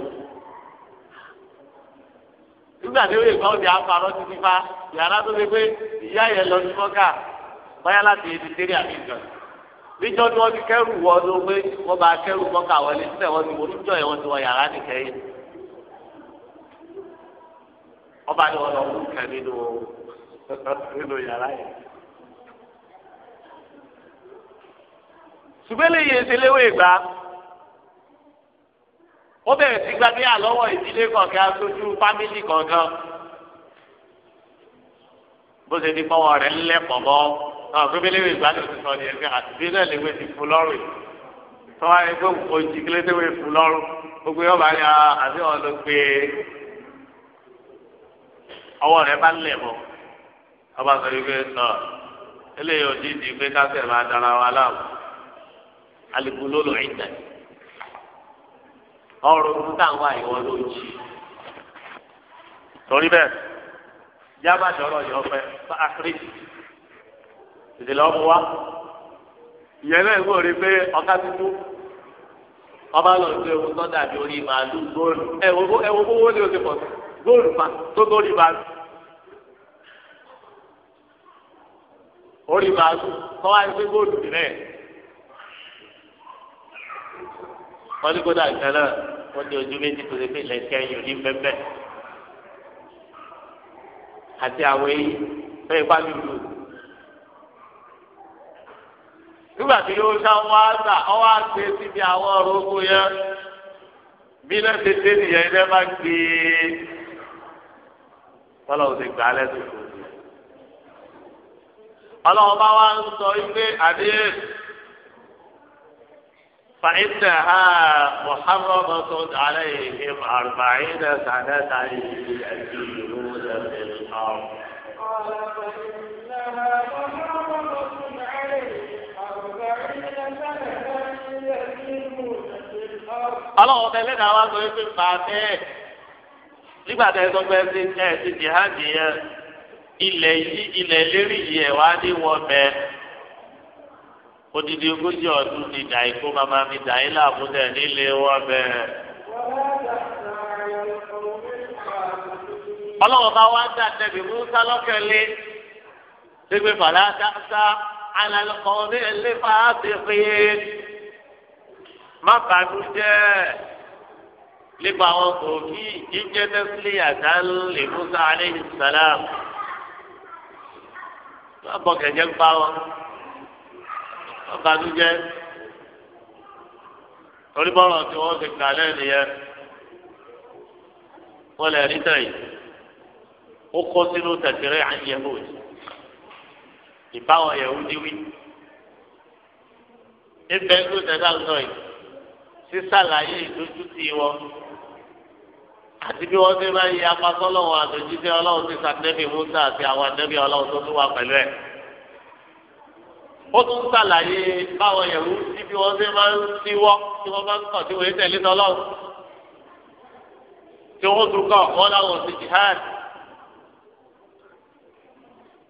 nígbà tí ìwé ìgbà òde àpárọ̀ títí fa yàrá tó lé pé ìyá yẹn lọ sí mọ́kà báyà láti èdè àbí ìjọba níjọ́ ni wọ́n ti kẹ́rù wọ́n ló pé wọ́n bá kẹ́rù mọ́kà wọlé síbẹ̀ wọ́n ti wọ́n níjọ́ yẹn wọ́n ti wọ yàrá nìkẹ́yìn. wọ́n bá ní wọn lọ kú kẹ́ nínú nínú yàrá yẹn. ṣùgbọ́n lè yẹ ṣẹlẹ́wọ̀ ìgbà ó bẹ̀rẹ̀ sí gbàgbé àlọ́wọ́ ìdílé kọ̀ọ̀kan aṣojú fámìlì kọ̀ọ̀kan bó ṣe ti fọwọ́ rẹ̀ ńlẹ̀ pọ̀ bọ́ náà pépéléwé ìgbàlè ti sọ ní ẹgbẹ́ àti bí náà léwé ti fún lọ́rùn tọ́wá ẹgbẹ́ òjì kílédéwé fún lọ́rùn gbogbo yóò bá yà àbí wọn ló gbé ọwọ́ rẹ bá lẹ̀ mọ́ ọba sọ wípé nọ eléyìí òjì ti gbé kásẹ̀ máa dára wa láàmú alùpùpù ló lọ ìgbà ọrùn tó táwọn àìwọ ló jì torí bẹ́ẹ̀ jábàdọ̀rọ̀ yọ fẹ́ bá a kiri tètè lọ mú wa ìyẹn náà wò rí pé ọ̀ká tuntun ọba lọ sí ewu tó dàbí orí màálù góòlù ẹwọ ẹwọ owó ni o ti pọ̀ sí góòlù pa tó lórí màálù orí màálù tó wáyé pé góòlù ti rẹ̀ wọ́n ní kó dà náà wọ́n ní ojú méjì tó lè fi lẹ́kẹ́ ní pẹ́pẹ́ àti àwọn èyí fẹ́ẹ́ bá mi nígbà tí yóò ṣá wá gbà ọ wá gbé síbi àwọn ọ̀rọ̀ ogun yẹn bí náà ṣe dé nìyẹn iná bá gbé e tọ́lọ̀ ò ti gbà á lẹ́sìn kò sí. ọlọ́run bá wá ń sọ ilé àdéhùn فإنها محرمة عليهم أربعين سنة يسيرون في الأرض. قال فإنها محرمة ọlọ́wọ́ tẹ lẹ́dàá wá sọ pé pàtẹ́ nígbà tẹ sọ pé ẹ ti jihadi yẹn ilẹ̀ yìí ilẹ̀ lérí yìí ẹ̀ wá ní wọn bẹ́ẹ̀ odidi ogójì ọdún ni dàí kó mama mi dàí làbúdẹ nílé wọn bẹ́ẹ̀. ọlọ́wọ́ bá wá ń tẹ̀bí musa lọ́kẹ́lé ṣé pé fàlà dáńsá alẹ́ ní ẹlẹ́fà á ti fi é mákàdú jẹ́ nípa àwọn kòkí jíjẹ́ tẹ́sílẹ̀ àtàlù lè Musa aleyhi salam wọ́n bọ̀ kẹ̀jẹ́ ń pa wọn mákàdú jẹ́ torí bọ́lọ̀ tí wọ́n ti kà lẹ́nu yẹn wọ́n lè rí tẹ̀yìn ó kọ́ sínú tẹ̀sírẹ́ àyẹ̀wò ìbáwọn yẹ̀wò díwí ìbẹ́ńdó tẹ̀sán sọ yìí sísàlàyé ìdójútì wọn àti bí wọ́n ṣe máa ń ya apasọ́lọ́wọ́ àtòjíṣẹ́ ọlọ́run ti sàtẹ́bí musa àti àwọn àtẹ́bí ọlọ́run tó tún wà pẹ̀lú ẹ̀. ó tún sàlàyé báwọn yẹ̀wù sí bí wọ́n ṣe máa ń síwọ́ tí wọ́n máa ń kọ̀ tí wọ́n ń tẹ̀lé tí wọ́n tún kọ̀ wọ́n láwọn ò jihad.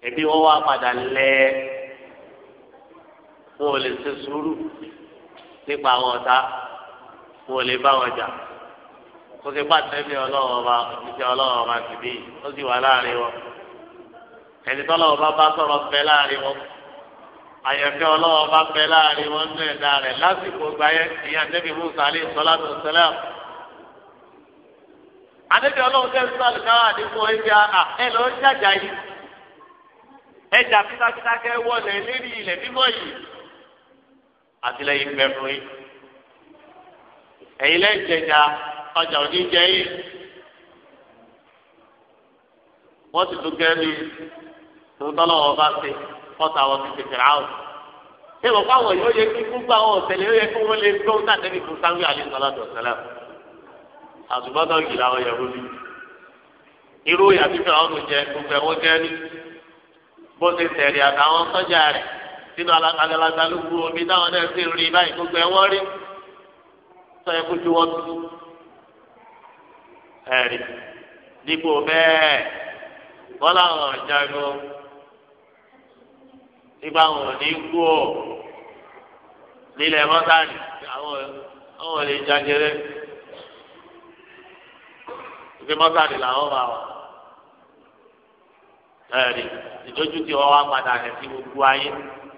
ẹbí wọn wá padà lẹ wọn ò lè ṣe sùúrù nípa àwọn ọ̀tá wọn ò lè bá wọn jà kó ṣe bá tẹ́lẹ̀ ọlọ́run ọba òṣìṣẹ́ ọlọ́run ọba sì bí ó sì wà láàrin wọn ẹni tọ́lọ́run ọba bá sọ̀rọ̀ pẹ́ láàrin wọn àyẹ̀fẹ́ ọlọ́run ọba pẹ́ láàrin wọn ní ẹ̀dá rẹ̀ lásìkò gbáyé ìyá nẹ́bí musa alẹ́ sọlá tó sẹlẹ̀ àdébí ọlọ́run kẹ́ sọ àlùkáwà àdínkù ẹ̀jẹ̀ àà ẹ̀ lọ jàjà yìí ẹ̀jà pítápítá kẹ́ wọlé lérí ilẹ̀ mímọ́ yìí àtìlẹ́yìn pẹ̀lú yìí ẹ̀yin lẹ́yìn jẹjà ọjà òní jẹ yìí wọ́n ti tún gẹ́ mi tó tọ́lọ́wọ́ bá ṣe kọ́ta wọn ti tètè rà ṣé ìwọ̀n fáwọn yóò yẹ kí gbogbo àwọn ọ̀sẹ̀lẹ̀ yóò yẹ kí wọ́n lè gbọ́ sàtẹ́bí fún sáwí àlẹ́sọ̀lọ́dọ̀ sẹ́lẹ̀. àtúbọ̀tọ̀ yìí làwọn yẹ̀wò ni. irú yàtí fún àwọn oúnjẹ gbogbo ẹ̀wọ̀n gẹ́ ni. bó ṣe tẹ̀lé àtàwọn sọ́jà rẹ̀ sínú alágbàlagbà ló wú omi táwọn náà sì rí báyìí gbogbo ẹ̀wọ̀n rí sọ yẹ kójú wọn tu ẹ̀rí dípò bẹ́ẹ̀ bọ́lá àwọn ọ̀jágun nígbà wọn ò ní kú ọ nílẹ̀ mọ́tàlì àwọn àwọn lè jagere ìgbé mọ́tàlì làwọn bá wà ẹ̀rí ìdójú tí wọ́n wá padà rẹ̀ sí gbogbo ayé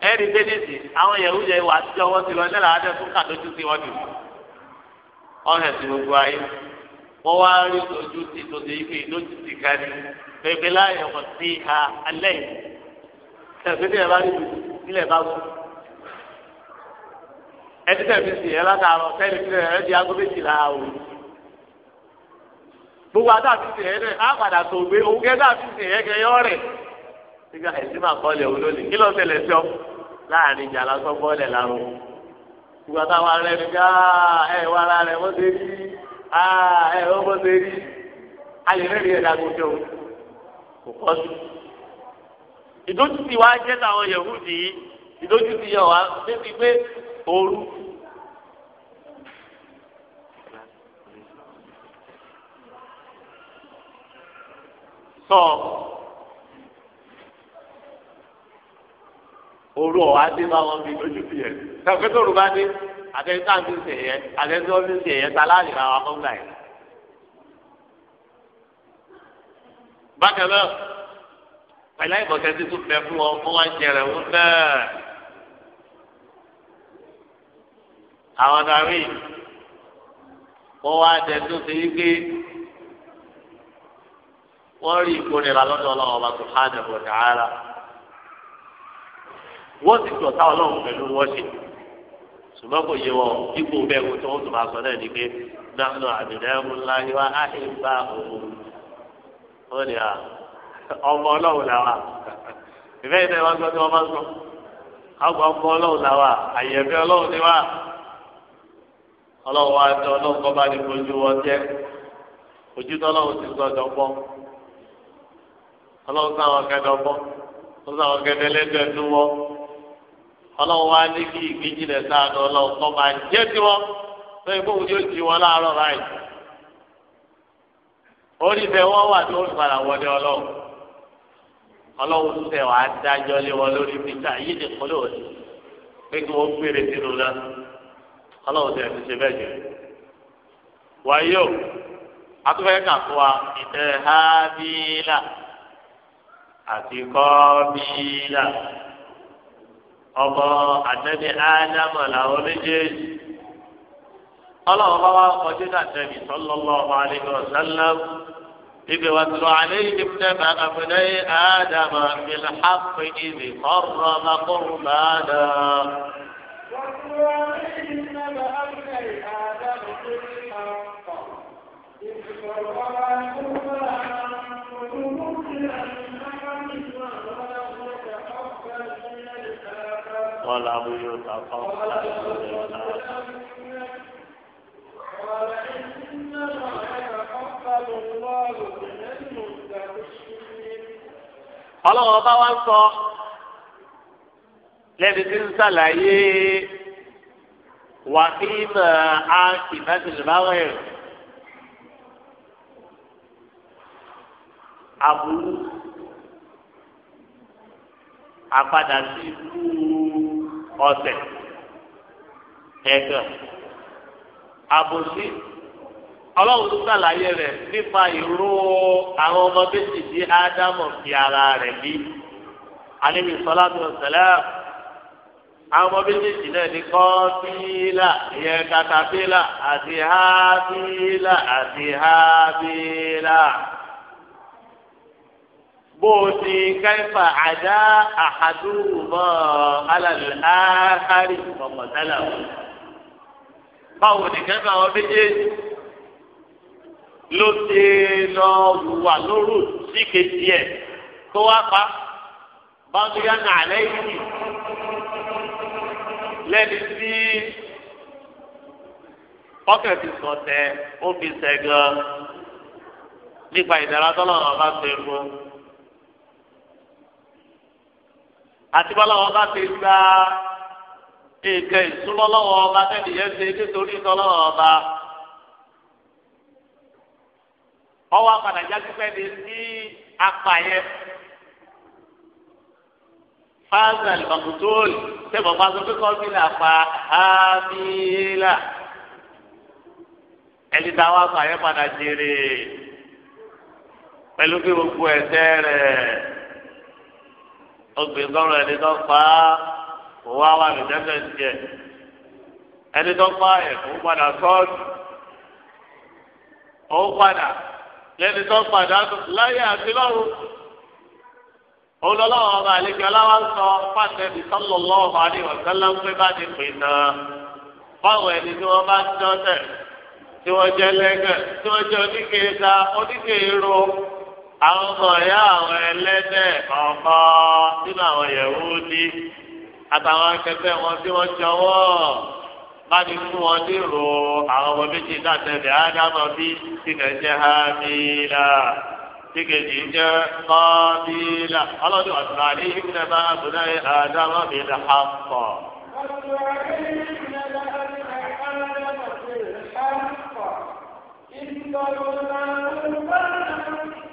ẹ̀rí bẹ́ẹ̀ nìsí àwọn yẹ̀wù yẹ̀ wà sí ọwọ́ sí lọ nílẹ̀ àádẹ́sùn kàdójú sí wọ́n dùn. ọ̀hẹ̀ si gbogbo ayé wọ́n wá rí ojú ti tó de ibi lójú ti ká ní ti ha alẹ́ yìí tẹ̀síndì ẹ̀ bá rí ibi nílẹ̀ bá wù. ẹtí tẹ̀sí sí ẹ látàárọ̀ sẹ́ni sílẹ̀ o. gbogbo tó gbé yọ kí sọ la ìgbà táwọn ará ẹni gbá ah, ẹ wà ara rẹ wọ́n ṣe rí ah, ẹ wọ́n bọ́ ṣe rí ayẹlẹ́rìí ẹ̀dá gbọ́dọ̀ kò kọ́ sí. ìdójútì wa jẹ́ táwọn yẹ̀húdì yìí ìdójútì yẹ̀ wá débi pé ooru. sọ. So, orú ọ̀ adé bá wọn fi lójú fi yẹn ṣàpẹ́ tó rú bá dé àtẹ̀sí tá à ń fi ṣe yẹn àtẹ̀sí tó fi ṣe yẹn ta láàyè ra wa fọ́ngbà yẹn. bákan náà pẹ̀lú àìbọ̀kẹ́ tí tún bẹ fún ọ fún wa ń jẹrẹ fún náà. àwọn darí wọ́n wá jẹ tó ṣe yí pé wọ́n rí ìkórira lọ́dọ̀ ọlọ́wọ́ bá tó hánà bọ̀ dáhàrà wọ́n ti tọ̀ táwọn ọlọ́run pẹ̀lú wọ́n ṣe ṣùgbọ́n kò yẹ wọn ipò bẹ́ẹ̀ kó tó wọ́n tó máa sọ náà ni pé nánú àbẹ̀dẹ́rù ńlá ni wá á lè bá òun wọ́n ní ọmọ ọlọ́run làwà ìfẹ́ ìfẹ́ wọn gbọ́ tí wọ́n bá sọ àgbà ọmọ ọlọ́run làwà àyẹ̀fẹ́ ọlọ́run ni wá ọlọ́run wa tẹ ọlọ́run kọ́ bá ní ojú wọn jẹ́ ojú tọ́lọ́run ti sọ dọ́gbọ́ ọlọ́run sáwọn kẹ́ ọlọ́run wá ní kí ìgbéjìlẹ̀ sáànù ọlọ́run kọ́ máa jẹ́ tiwọn yóò wọn láàárọ̀ báyìí. orí wà tó wọlé dájọ́ lé wọn lórí pé kí wọ́n gbére sínú náà ti ṣe bẹ́ẹ̀ jẹ́. kà fún wa ọmọ àtẹ́bí ádámọ̀ làwọn méjèèjì ọlọ́run bá wá kọjú dàtẹ́bí sallallahu alaihi wasallam ibi wà tó alẹ́ yìí ní àfẹ́lẹ́ ádámọ̀ bilhaqqi ibi kọ́rọ̀ makọ́rù bàdà. Thank you. ولم يتفضل منا قال إنما يتقبل الله من المتقين ọlọ́run ọba wa ń sọ lẹ́ni tí ń ṣàlàyé wàhíìmọ̀ àkìmẹ́tìlìmáwẹ̀ àbúrú àpadà sí ìlú ọ̀sẹ̀ ẹ̀gàn àbòsí ọlọ́run sàlàyé rẹ̀ nípa ìró àwọn ọmọ méjì tí ádámù fi ara rẹ̀ bí alẹ́mi sọlá tó ṣẹlẹ̀ àwọn ọmọ méjèèjì náà ní kọ́ńtílà ìyẹn kàtàbílà àti hábílà àti hábílà bó o ti káyífà àdá àhàdúrùmọ́ alàlùhárì ọ̀pọ̀tálà o. báwo ni káyífà àwọn méjèèjì ló ti lọ wà lóru sí kejì ẹ̀ tó wá pa báwo ni yá nà alẹ́ yìí lẹ́ni tí ọkẹ́ ti ó fi sẹ́ nípa ìdára tọ́lọ́run ọba ṣe fún un. àti bọ́lá wọn bá ti gba nǹkan ìsúnmọ́ lọ́wọ́ ọba tẹ́lẹ̀ yẹn ṣe nítorí ìtọ́lọ́wọ́ ọba. ọwọ́ apàdàjà pípẹ́ ni sí apá yẹn. fáńsàlì mọ̀kútóòlì tẹ̀bọ̀ bá sọ pé kọ́ọ̀tì là pa ámìlà. ẹni tá a wá sọ jèrè pẹ̀lú pé gbogbo ẹ̀sẹ̀ rẹ̀ ọgbẹ gbọrọ ẹni tó pa á kò wá wà ní dẹ́fẹ̀ tiẹ̀ ẹni tó pa ẹ̀ kò padà sọ́ọ̀tù ó padà lẹ́ni tó padà láyé àti lọ́rùn olùlọ́wọ́ ọba àlejò aláwa ń sọ fàtẹ́bí sọ́lọ́lọ́wọ́ àdìwọ̀ sẹ́lẹ̀ ń pé pè náà báwọn ẹni tí wọ́n bá ń dọ́tẹ̀ tí wọ́n jẹ́ lẹ́gẹ̀ tí wọ́n jẹ́ oníkèéta oníkèéró. àwọn ọmọ ìyá àwọn ẹlẹ́dẹ̀ ọ̀pọ̀ nínú àwọn yẹ̀wò ní àtàwọn akẹgbẹ́ wọn tí wọ́n jọwọ́ bá ní fún wọn nírò àwọn ọmọ méjì dàtẹ̀lẹ̀ ádámọ̀ bí tìkẹ̀ jẹ́ hámìlá tìkẹ̀ jì jẹ́ kọ́mìlá ọlọ́dún ọ̀sán àdé ìbílẹ̀ bá àbúlá ádámọ̀ bí ní hàpọ̀. Thank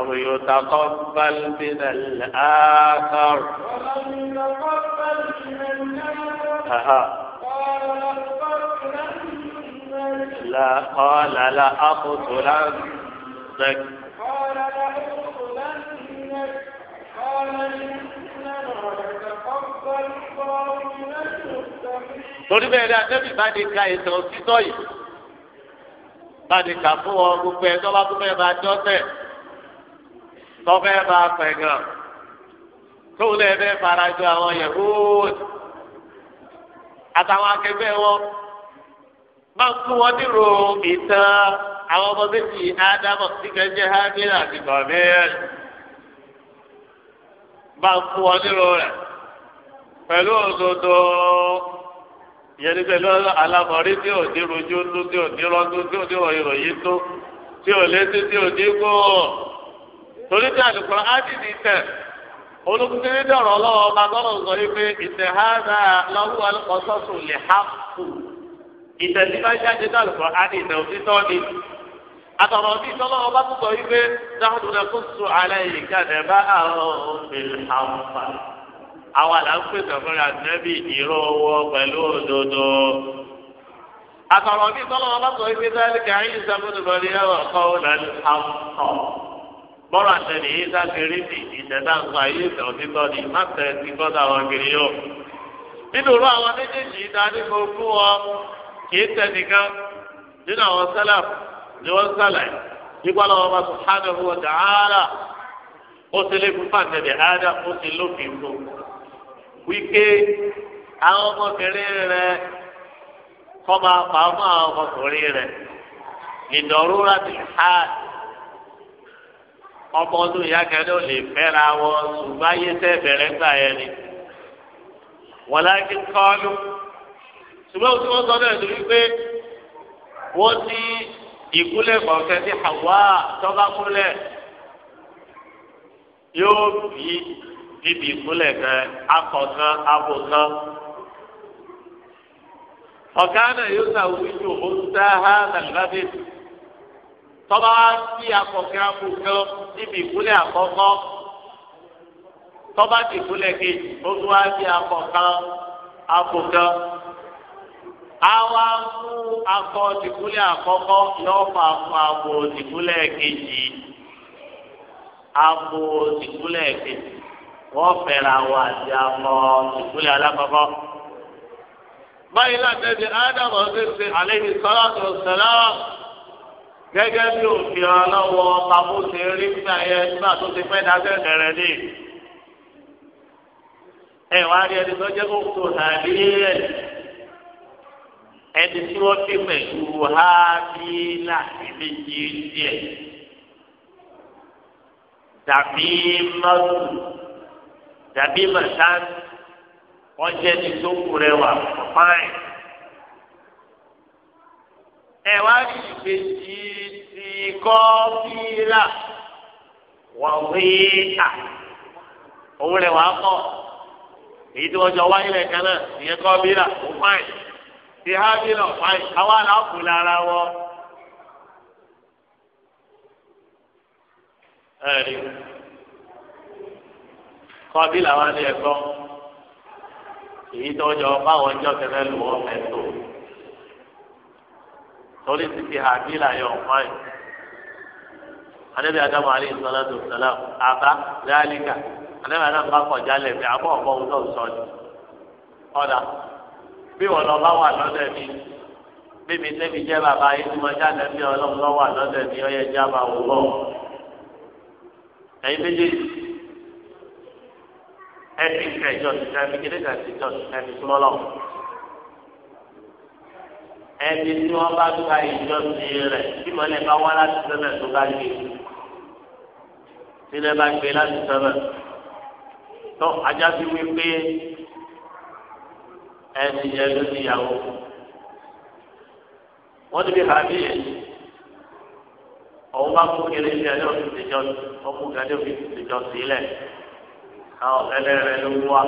ولو يتقبل من الآخر ولو يتقبل من الآخر لا قال لا أقتلنك قال لا أقتلنك قال إنما يتقبل الله من المتقين. torí bẹ́ẹ̀ ni àtẹ́bí bá ní ka ìtàn òtítọ́ yìí bá ní kà fún ọ gbogbo ẹ̀ tó bá gbogbo ẹ̀ máa dọ́tẹ̀ tọ́fẹ́ bá pẹ̀ gan tóun lè fẹ́ farajọ àwọn Yahud àtàwọn akẹgbẹ́ wọn máa ń fún wọn nírò ìtàn àwọn ọmọ méjì ádámọ̀ síkẹ́ jẹ́ hábílà àti gọ̀mẹ́ẹ̀lì máa ń fún wọn nírò rẹ̀ pẹ̀lú òdodo ìyẹn ní pẹ̀lú alámọ̀rí tí ò ní rojú tó tí ò ní rọ́ndún tí ò ní ìròyìn tó tí ò létí tí ò ní gbòòrò torí bí àlùkòrò ádìdì tẹ̀ olùkùnkiri dọ̀rọ̀ lọ́wọ́ ọba gbọ́dọ̀ sọ wípé ìtẹ̀hádà lọ́wọ́ alùpọ̀sọ́sùn lè há kù ìtẹ̀síwájáde dàlùkòrò ádìdì òtítọ́ ni àtọ̀rọ̀ bí sọlọ́wọ́ bá tún sọ wípé dáhùn náà kó sùn alẹ́ yìí kàdé bá àwọn òfin àwùfà àwọn àlàáfíà sọ̀fúnra nẹ́bì ìró owó pẹ̀lú òdodo àtọ̀rọ̀ bí sọlọ́wọ́ bá sọ wípé dáhùn náà kàdé bá àwọn òfin àwùfà bọ́lá àtẹnì yìí sákèrè sí ìṣẹ̀dá nǹkan ayé ìṣẹ̀ òtítọ́ ni má tẹ̀ sí gbọ́dọ̀ àwọn kiri yóò. nítorí àwọn méjèèjì yìí ta ní kó fún tẹnìkan nínú àwọn sálàf ni wọ́n sálà nípa lọ́wọ́ bá subhanahu wa ta'ala ó ti lé fún fàtẹ̀lẹ̀ ádá ó ti lófin fún wípé àwọn ọmọbìnrin rẹ kọ́ máa pàmò àwọn ọmọkùnrin rẹ ìdọ̀rú ọmọ ọdún ìyá kẹrin ò lè fẹ́ra wọn ṣùgbọ́n ayé tẹ́ bẹ̀rẹ̀ gbà yẹn ni. wọ́n láti kọ́lu ṣùgbọ́n tí wọ́n sọ náà lórí pé wọ́n ti ìkúlẹ̀ kọ̀ọ̀kẹ́ sí Hawa tọ́ba kúlẹ̀ yóò bí bíbí ìkúlẹ̀ kan akọ̀kan abòkan. ọ̀gá náà yóò sàwùjú òun dáhà nàìjíríà tọ́ba sí akọ̀kẹ́ akọ̀kẹ́ níbi ìkúlẹ̀ àkọ́kọ́ tọ́ba ti ìkúlẹ̀ kejì ó tún wá sí akọ̀kan akọ̀kan àwa mú akọ tìkúlẹ̀ àkọ́kọ́ lọ́ọ̀fà fún abo tìkúlẹ̀ kejì abo tìkúlẹ̀ kejì wọ́n fẹ́ra wa àti akọ tìkúlẹ̀ alákọ̀ọ́kọ́ báyìí láti ẹ̀dẹ̀ ádámù ọ̀sẹ̀ ṣe àlẹ́ ìsọ́lá tó ṣẹlẹ̀ gẹ́gẹ́ bí òfin ọlọ́wọ́ pàbó ṣe rí nígbà yẹn nígbà tó ti fẹ́ dáṣẹ́ tẹ̀rẹ̀ ní. ẹ wá rí ẹni tó jẹ́ kókó hàbí ẹ̀ ẹni tí wọ́n fi pẹ̀lú hábí láti méjì díẹ̀ tàbí mọ́tò tàbí mọ̀tán wọ́n jẹ́ ní tó rẹwà fáìn ẹ wá rí ìbejì ti kọ́fíìlà wọ́n wíìlà òun rẹ̀ wá kọ́ èyí tí wọ́n jọ wáyé rẹ̀ kan náà ìyẹn kọ́fíìlà ó fáìn ti hábìlà ó fáìn àwa là kù lára wọn. ẹ̀rí kọ́fíìlà wa ní ẹ̀gbọ́n èyí tí wọ́n jọ báwọn jọ kẹfẹ́ lù wọ́n fẹ́ tó torí ti fi hàbílà yọ ọ̀pá yìí. anabi adamu aleyhi salatu salam aba lálíkà anabi adamu bá kọjá lẹ́bi àbọ̀ ọ̀pọ̀ ọ̀hún náà sọ ni. ọ̀dà bí wọn lọ bá wà lọ́dẹ̀ mi bíbi tẹ́bi jẹ́ bàbá yìí tí wọ́n jáde bí ọlọ́run lọ́ wà lọ́dẹ̀ mi ọ̀yẹ́ jábà wò bọ́. ẹ̀yin méjèèjì ẹ̀fín kẹjọ ti tẹ́ ẹ̀fín kéde kẹjọ ti tẹ́ ẹ̀fín súnmọ́ ẹni tí wọn bá gba ìjọsìn rẹ tí mọlẹ bá wá láti sẹmẹ tó bá gbé tí lẹ bá gbé láti sẹmẹ tó ajá fi wí pé ẹni yẹn ló ti yàwó wọn ti fi hàbí yẹn òun bá kó kiri ní ẹni òfin tìjọ ọkọ gàdé òfin tìjọ sílẹ àwọn ẹlẹrẹ ló wá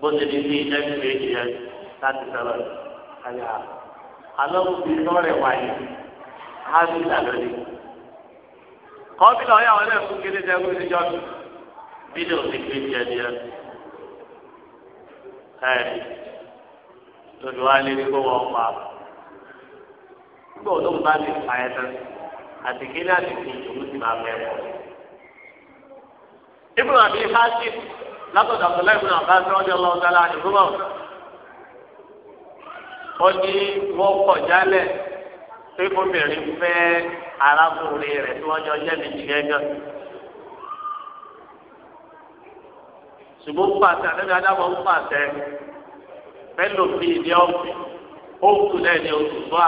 bó ti di ní ẹni méjì yẹn. láti sọ̀rọ̀ àyà alọ́kùnrin tó rẹ̀ wáyé hábìlà lónìí. kọ́bílà ọ̀yà wọn lè fún kéde jẹ́gun níjọ́ bílíọ̀ ní kéde jẹ́ ni ẹ. ẹ lórí wa lé bá pa ẹ tán àti àti ti máa ibùdó àbí látọ̀dọ̀ àbá àdìgúnmọ́. ó ní wọ́n kọ̀ jálẹ̀ pé obìnrin fẹ́ arákùnrin rẹ̀ tí wọ́n jọ jẹ́ méjì gẹ́gẹ́. ṣùgbọ́n pàṣẹ àti adámọ̀ ń pàṣẹ pẹ̀lú bí ìdí ọ̀gbìn ó kú lẹ́ni oṣù tó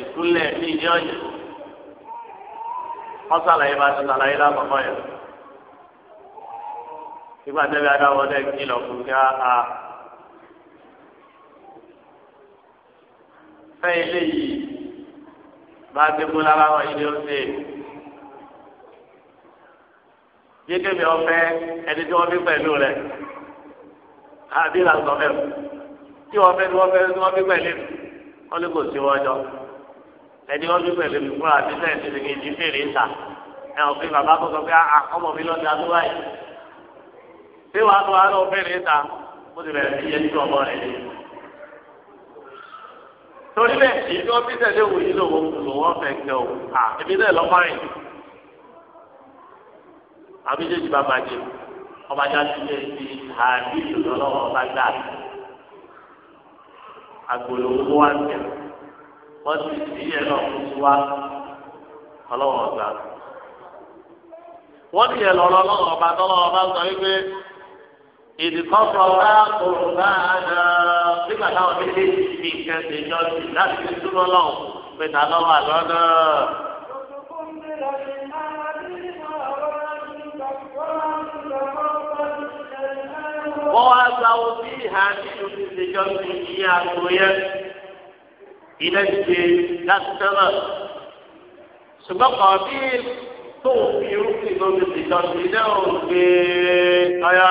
ìkúlẹ̀ ní ìdí ọ̀yẹ̀. wọ́n ṣàlàyé bá ti ṣàlàyé lákòókò yẹn. nígbà tẹ́lẹ̀ adámọ̀ dẹ́ kí lọ fún kí fẹ́ ilé yìí bá ti kú lára wọn ilé ó ṣe. Jíde mi ọ̀fẹ́ ẹni tí wọ́n fi pẹ̀lú rẹ̀. Àbí làǹtọ̀ fẹ́ mu. Tí wọ́n fẹ́ tí wọ́n fẹ́ tí wọ́n fi pẹ̀lú mi. Wọ́n ní kò sí wọ́n jọ. Ẹni wọ́n fi pẹ̀lú mi fúnra mi sẹ́yìn tí mi kì í di fèrè ìta. Ẹ ò fi bàbá kọ̀ọ̀kan pé ah, ah, ọmọ mi lọ́ọ́ da tó báyìí. Bí wàá tó wàá ah, lọ fèrè ìta, mo ti bẹ̀rẹ̀ sí iye tí ọmọ rẹ̀ yìí torí bẹ́ẹ̀ èyí tí wọ́n fi tẹ̀lé òun yìí lòun lòun wọ́n fẹ́ kẹ́ o à ebi náà lọ́kọ́rin àbíjèjì bá bàjẹ́ ọba já sí ilé ti àbí ìlọ́lọ́wọ́ ọba gbà àgbòlò owó wa ń tẹ̀ wọ́n ti sí ẹ̀ lọ fún wa ọlọ́wọ́ ọba wọ́n ti yẹ lọ́lọ́wọ́ ọba tọ́lọ́wọ́ ọba sọ wípé ìdìkọ́sọ̀ bá kòrò bá àná nígbà táwọn méjèèjì fi nǹkan ṣe jọ sí láti fi túnú lọ́wọ́ pé ta lọ́wọ́ àlọ́nà. wọ́n wá gba omi ìhà nínú ti ṣe jọ sí iye àgbo yẹn ilé ṣe láti tẹ́lẹ̀ ṣùgbọ́n kàn bí tóun fi irúgbìn lómi ti jọ sí ilé òun gbé ọyà.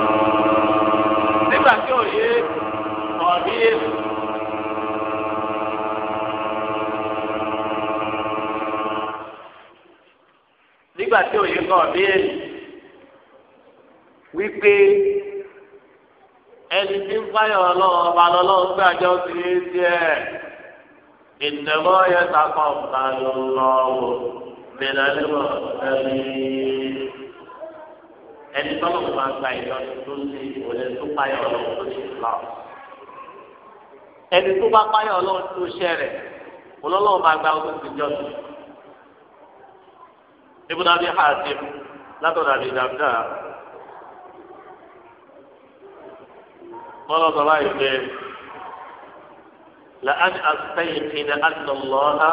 nígbà tí òye kan béèrè wípé ẹni tí ń fáyọ̀ ọlọ́run ọba lọ́lọ́run gbàjọ́ sí í díẹ̀ ìdẹ̀mọ́ yẹn takọ̀ balùwọ̀ lọ́wọ́ bẹ̀rẹ̀ ẹni ẹni tọ́lọ̀ máa gba ìjọsìn tó ní òye tó fáyọ̀ ọlọ́run tó ṣe lọ. ẹni tó bá fáyọ̀ ọlọ́run tó ṣẹ̀rẹ̀ ọlọ́run máa gba ọdún ìjọsìn ibùdó àbí hàásìm látọ̀dọ̀ àbí dàbídà wọn lọ sọ báyìí pé la'an astayqina anna Allaha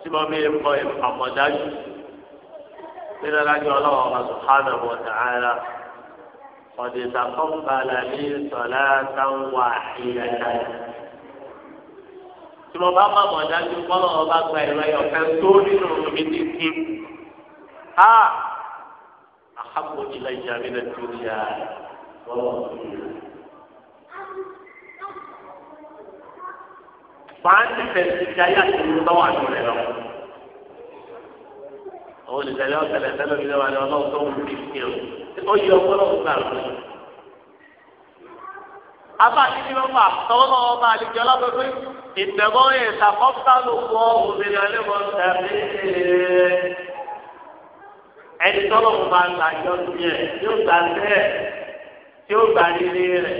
tí mo bí mọ àmọ̀dájú nínú alájọ ọlọ́wọ́ ọba subhanahu wa ta'ala qad taqabbala li salatan wahidatan tí mo bá má mọ̀ dájú kọ́lọ́ ọba gba ìrọ̀ ẹ̀yọ̀ kan tó nínú mi ti kí. a àhábò ilẹ̀ ìjà mi lè tó ṣe àgbọ̀lọ̀ fàájì fẹsí jáyà tó ń lọ́wọ́ àjọ rẹ̀ lọ. àwọn olùdarí ọ̀sẹ̀ lẹ́sẹ̀ lómi lọ́wọ́ ni ọlọ́run tó ń fi kí o ó yẹ ọgbọ́n náà gbà lọ́wọ́ afa kini bẹ fa tọwọtọ ọba alijọ la pẹpẹ ìtẹ̀bọ́ yẹn sàkọ́sálò wọ obìnrin alẹ́wọ̀ tẹ̀lé ẹni tọ́lọ̀ mo máa gbà jọ sí ẹ̀ tí ó gbà tẹ́ ẹ̀ tí ó gbà nílé rẹ̀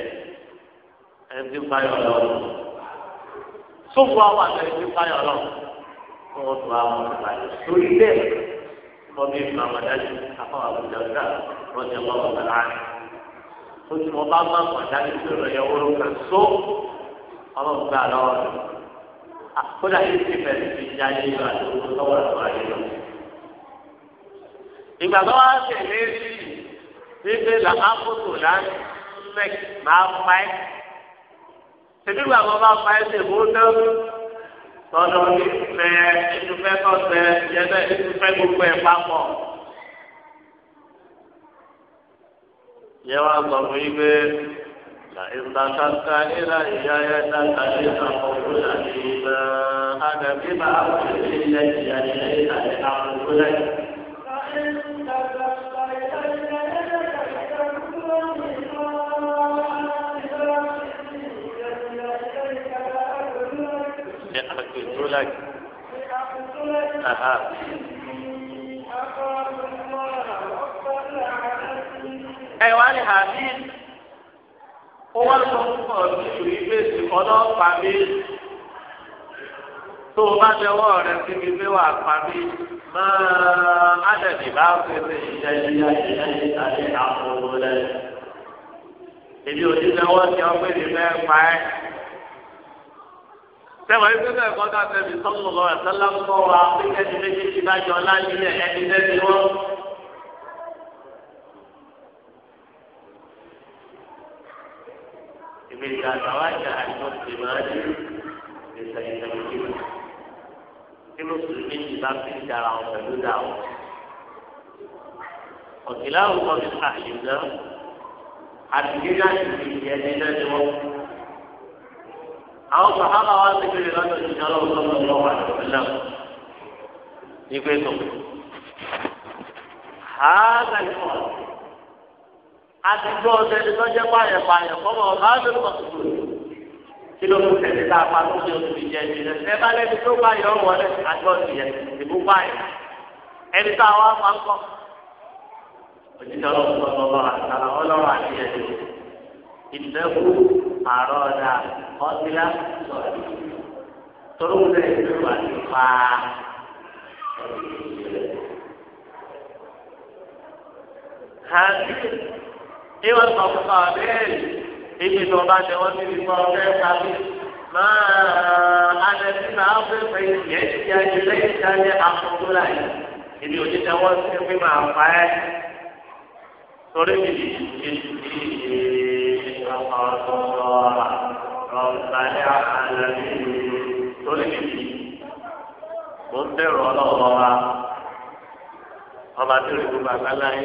ẹni tí fáyọ̀ lọ sófò àwọn àgbẹ̀ tí fáyọ̀ lọ fún oṣù àwọn ìgbàlè sórí bẹ́ẹ̀ kọ́ bí ìgbà wọn dájú àfọwọ́ àbújá ọ̀gá rọ́jà ó ti mọ bá má pàdá nítorí ọ̀yọ́ wọ́n kà só ọlọ́run gbà lọ́wọ́ rẹ̀ ah, kódà yìí ti bẹ̀rẹ̀ sí ní ayé ìgbà tó ń lọ́wọ́ àwọn ayé lọ. ìgbà tó wá tẹ̀lé rí wípé là á fòtò láti mẹ́k máa pa ẹ́. ṣèbí ìgbà kan bá pa ẹ́ ṣe fún náà tọ́lọ́ ní fẹ́ ẹtùfẹ́ tọ́sẹ̀ yẹn náà ẹtùfẹ́ gbogbo ẹ̀ papọ̀. yẹ wá gbà fún yín pé ìtàkàkà ìlà ìyá yẹ dàgbà ní àkókò láti ìgbà àgàbí máa wà ní ilẹ̀ ìyá yẹ àti àkókò láti. àkókò láti. Aha ẹ wá ní àbí ó wá lọ fún ọdún ìlú ìgbésí ọlọ́pàá mi tó o bá jẹ́wọ́ rẹ sí mi pé wà pa mi máa ádẹ̀dì bá fèrè ìyẹ́yẹ́ ayẹyẹ àti àkókò rẹ. èmi ò ní jẹ́wọ́ sí ọgbẹ́ mi fẹ́ pa ẹ́. sẹ́wọ̀n ẹgbẹ́ bẹ́ẹ̀ kọ́ dá sẹ́mi sọ́kùnrin ọ̀sán lápò wa pé kẹ́ni méjèèjì bá jọ láyé ẹni lẹ́ni wọ́n. إذا تواجه المسلمان بسيفين المسلمين بابين دارهم فلوداهم وكلاهما من أهل النار عبدنا في يدنا اليوم أو صحابة واثق لرجل إن الله صلى الله عليه وسلم يقول هذا الحوار àtijọ́ ọ̀sẹ̀ ni wọ́n jẹ́ pààyàn ma ọ ọ̀gá lórí kọ̀tùkù kí ló mú tẹ̀lé tá a pa tó ṣe oṣù ìjẹ́ ìjẹ́ ẹ bá lẹ́ni tó pààyàn ọ̀wọ́ lẹ́ àjọ ìyẹn ìbú ẹni tá a wá pa kọ́ òjijì ọlọ́run lọ́wọ́ àtàrà ọlọ́run àti ìdẹ́kù sọ̀rọ̀ ìwọ sọ fún wa bẹ́ẹ̀ ibi tó bá jẹ wọ́n ti fọ́ bẹ́ẹ̀ kábí máa adẹ́sí máa fẹ́ fẹ́ yẹ ti ayé lẹ́yìn tí a yẹ akókó láyé ibi òjì tẹ wọ́n ti fi máa fà ẹ́ torí mi ti ti ti ọ̀sọ̀rọ̀ ọ̀sálẹ̀ àlẹ́ torí mi ti mo ń bẹ̀rù ọlọ́wọ́ ọba tó lè gbogbo àgbáláyé.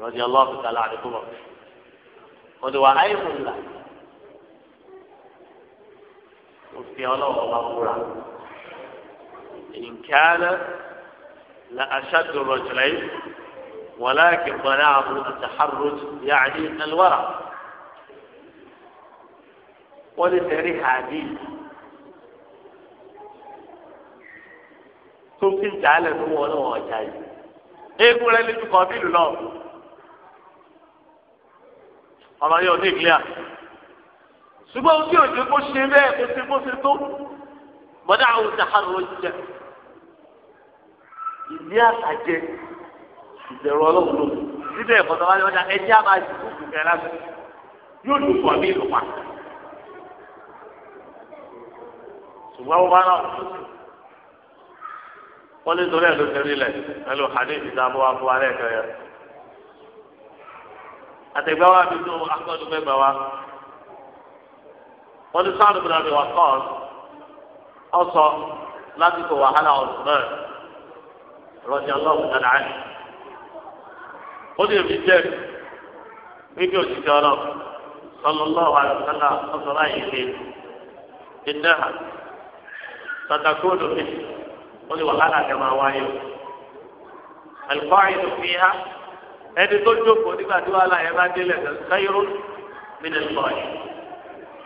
رضي الله تعالى عنكم قد وعيب الله وفي الله الله قرآ إن كان لأشد الرجلين ولكن ضناعه التحرج يعني الورع ولتاريخ عديد ثم كنت على نوع نوع جاي ايه قول اللي تقابل لا ọ̀rọ̀ yẹn ò ní ìgbéyà ṣùgbọ́n ojú òjò kó ṣe bẹ́ẹ̀ kó ṣe kó ṣe tó bọ́dá àwọn ìṣàkàrọ̀ oúnjẹ ìdí àtàjẹ ìbẹ̀rù ọlọ́run ló síbẹ̀ ìfọ̀tọ̀ wájú ọjà ẹjẹ́ á máa jù kúkú yóò dùn fún mi ìlú ṣùgbọ́n wọ́n bá náà wọ́n lé torí ló ṣe rí lẹ̀ pẹ̀lú hadith ìdáàbò wa fún wa lẹ́ẹ̀kẹ́ yẹn àtẹ̀gbẹ́ wa bí tó akọ́dún mẹ́gbà wa wọ́n ní sáà lóbi lọ́dún wa kọ́ ọ̀sọ̀ láti kó wàhálà ọ̀sùnmẹ́ rọ̀jì ọlọ́run nàdà áyì ó ní èmi jẹ́ bíbí òṣìṣẹ́ ọlọ́run sọlọ́lọ́wọ́ àlùkálà ọ̀sọ̀ láyé ṣe ìnáhà tàtàkùnù mi ó ní wàhálà kẹ́ máa wáyé alùpàá yìí ló fi há ẹni tó jókòó nígbà tí wàhálà yẹn bá délẹ̀ kẹ́yìrú mílẹ̀ sọ̀rọ̀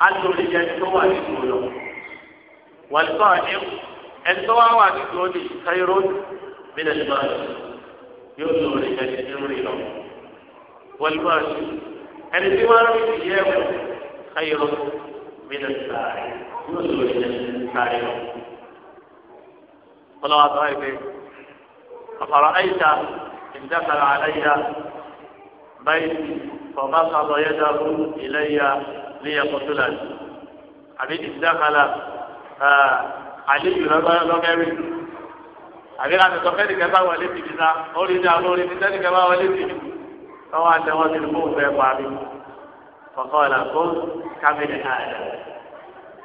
alórí yẹn tó wà nínú lọ wàlùkọ́ ni ẹni tó wà wà nínú òní kẹ́yìrú mílẹ̀ sọ̀rọ̀ yóò lórí yẹn tí rìn lọ wàlùkọ́ ẹni tí wọ́n rí ìyẹ́ wọ̀ kẹ́yìrú mílẹ̀ sọ̀rọ̀ yóò lórí yẹn tí ń sáré lọ. ọlọ́wọ́ àtàwọn ìgbé àfàrà àyíká. دخل علي بيتي فبسط يده إلي ليقتلني أبي دخل علي لغيري àbí ká ti sọ fẹ́ nìkan bá wọlé tìbí sa orí ní àwọn orí nìkan nìkan bá wọlé tìbí lọ́wọ́ àtẹwọ́ ti fún òfẹ́ parí kọ̀kọ́ ọ̀la kó kábínì àyà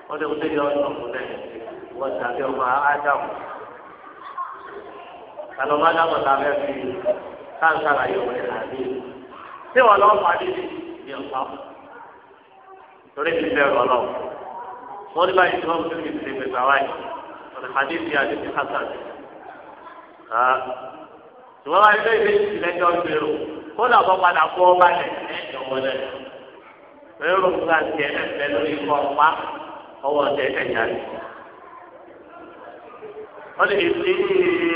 ó ti kú sí ìyá ọ̀sán fún ẹ̀ wọ́n ti àbí ọmọ ádámù kàlọ́ má dábọ̀ tá a fẹ́ fi káńsára yọ̀ wẹ̀ àbí. tí wọ́n lọ́ fà dé ní ọ̀pá torí ti bẹ̀rù ọlọ́wọ́. wọ́n ní báyìí tí wọ́n fi ti gbèsè àwáyé ọ̀nà hadith yà àti hasan. ìwọ́n wáyé bẹ́ẹ̀ bẹ́ẹ̀ ti lẹ́jọ́ gbèrò kó lọ́ bọ́ padà kó ọba lẹ̀ ẹ̀jọ̀ wọlé. bẹ́ẹ̀ ló ń gbà tiẹ̀ ẹ̀fẹ́ lórí kọ́ ọ̀pá ọwọ́ tẹ̀ ẹ̀yà rẹ̀. wọ́n ní ìsìn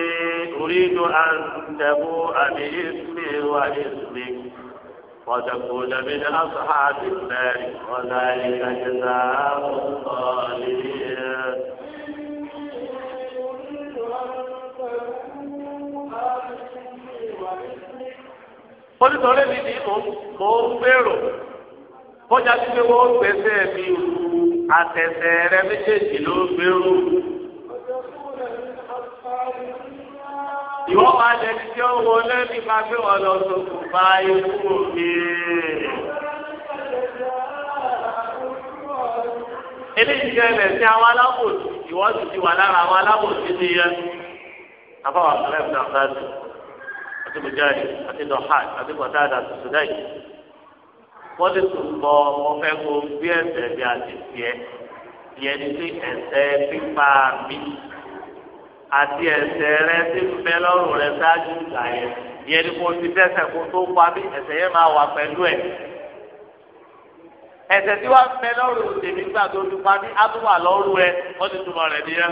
أريد أن تبوء بإسمي وإسمك وتكون من أصحاب النار وذلك جزاء الظالمين olùtọ́lé mi ni mò ń gbèrò kọjá sí pé wọ́n gbèsè mi àtẹ̀sẹ̀ rẹ méjèèjì ló gbèrò ìwọ́n máa dẹni tí ó wọlé ní máa gbé wọn lọ sókùn bá ikú mi. eléyìí jẹ́ ẹ̀rẹ̀ sí àwọn alábòsí ìwọ́n sì ti wà lára àwọn alábòsí ní yẹn. àbáwọ̀ àkàlẹ́ ìfúnná fúláṣí àti bùjáde àti dọ̀hán àti bọ̀dáàdà àti sùdáì. wọ́n ti tún bọ ọmọ fẹ́ kó bí ẹ̀sẹ̀ bí àti tiẹ̀ ìyẹn ti ẹ̀sẹ̀ pípa mi àti ẹsẹ̀ rẹ ti ń bẹ lọ́rùn rẹ ṣáájú ìgbà yẹn yẹn ni kò ti dẹ́ṣẹ̀ kó tó pa bí ẹsẹ̀ yẹn máa wà pẹ̀lú ẹ̀. ẹsẹ̀ tí wàá bẹ lọ́rùn tèmi gbà tó ti pa bí átúwà lọ́rùn ẹ wọ́n ti túmọ̀ rẹ̀ nìyẹn.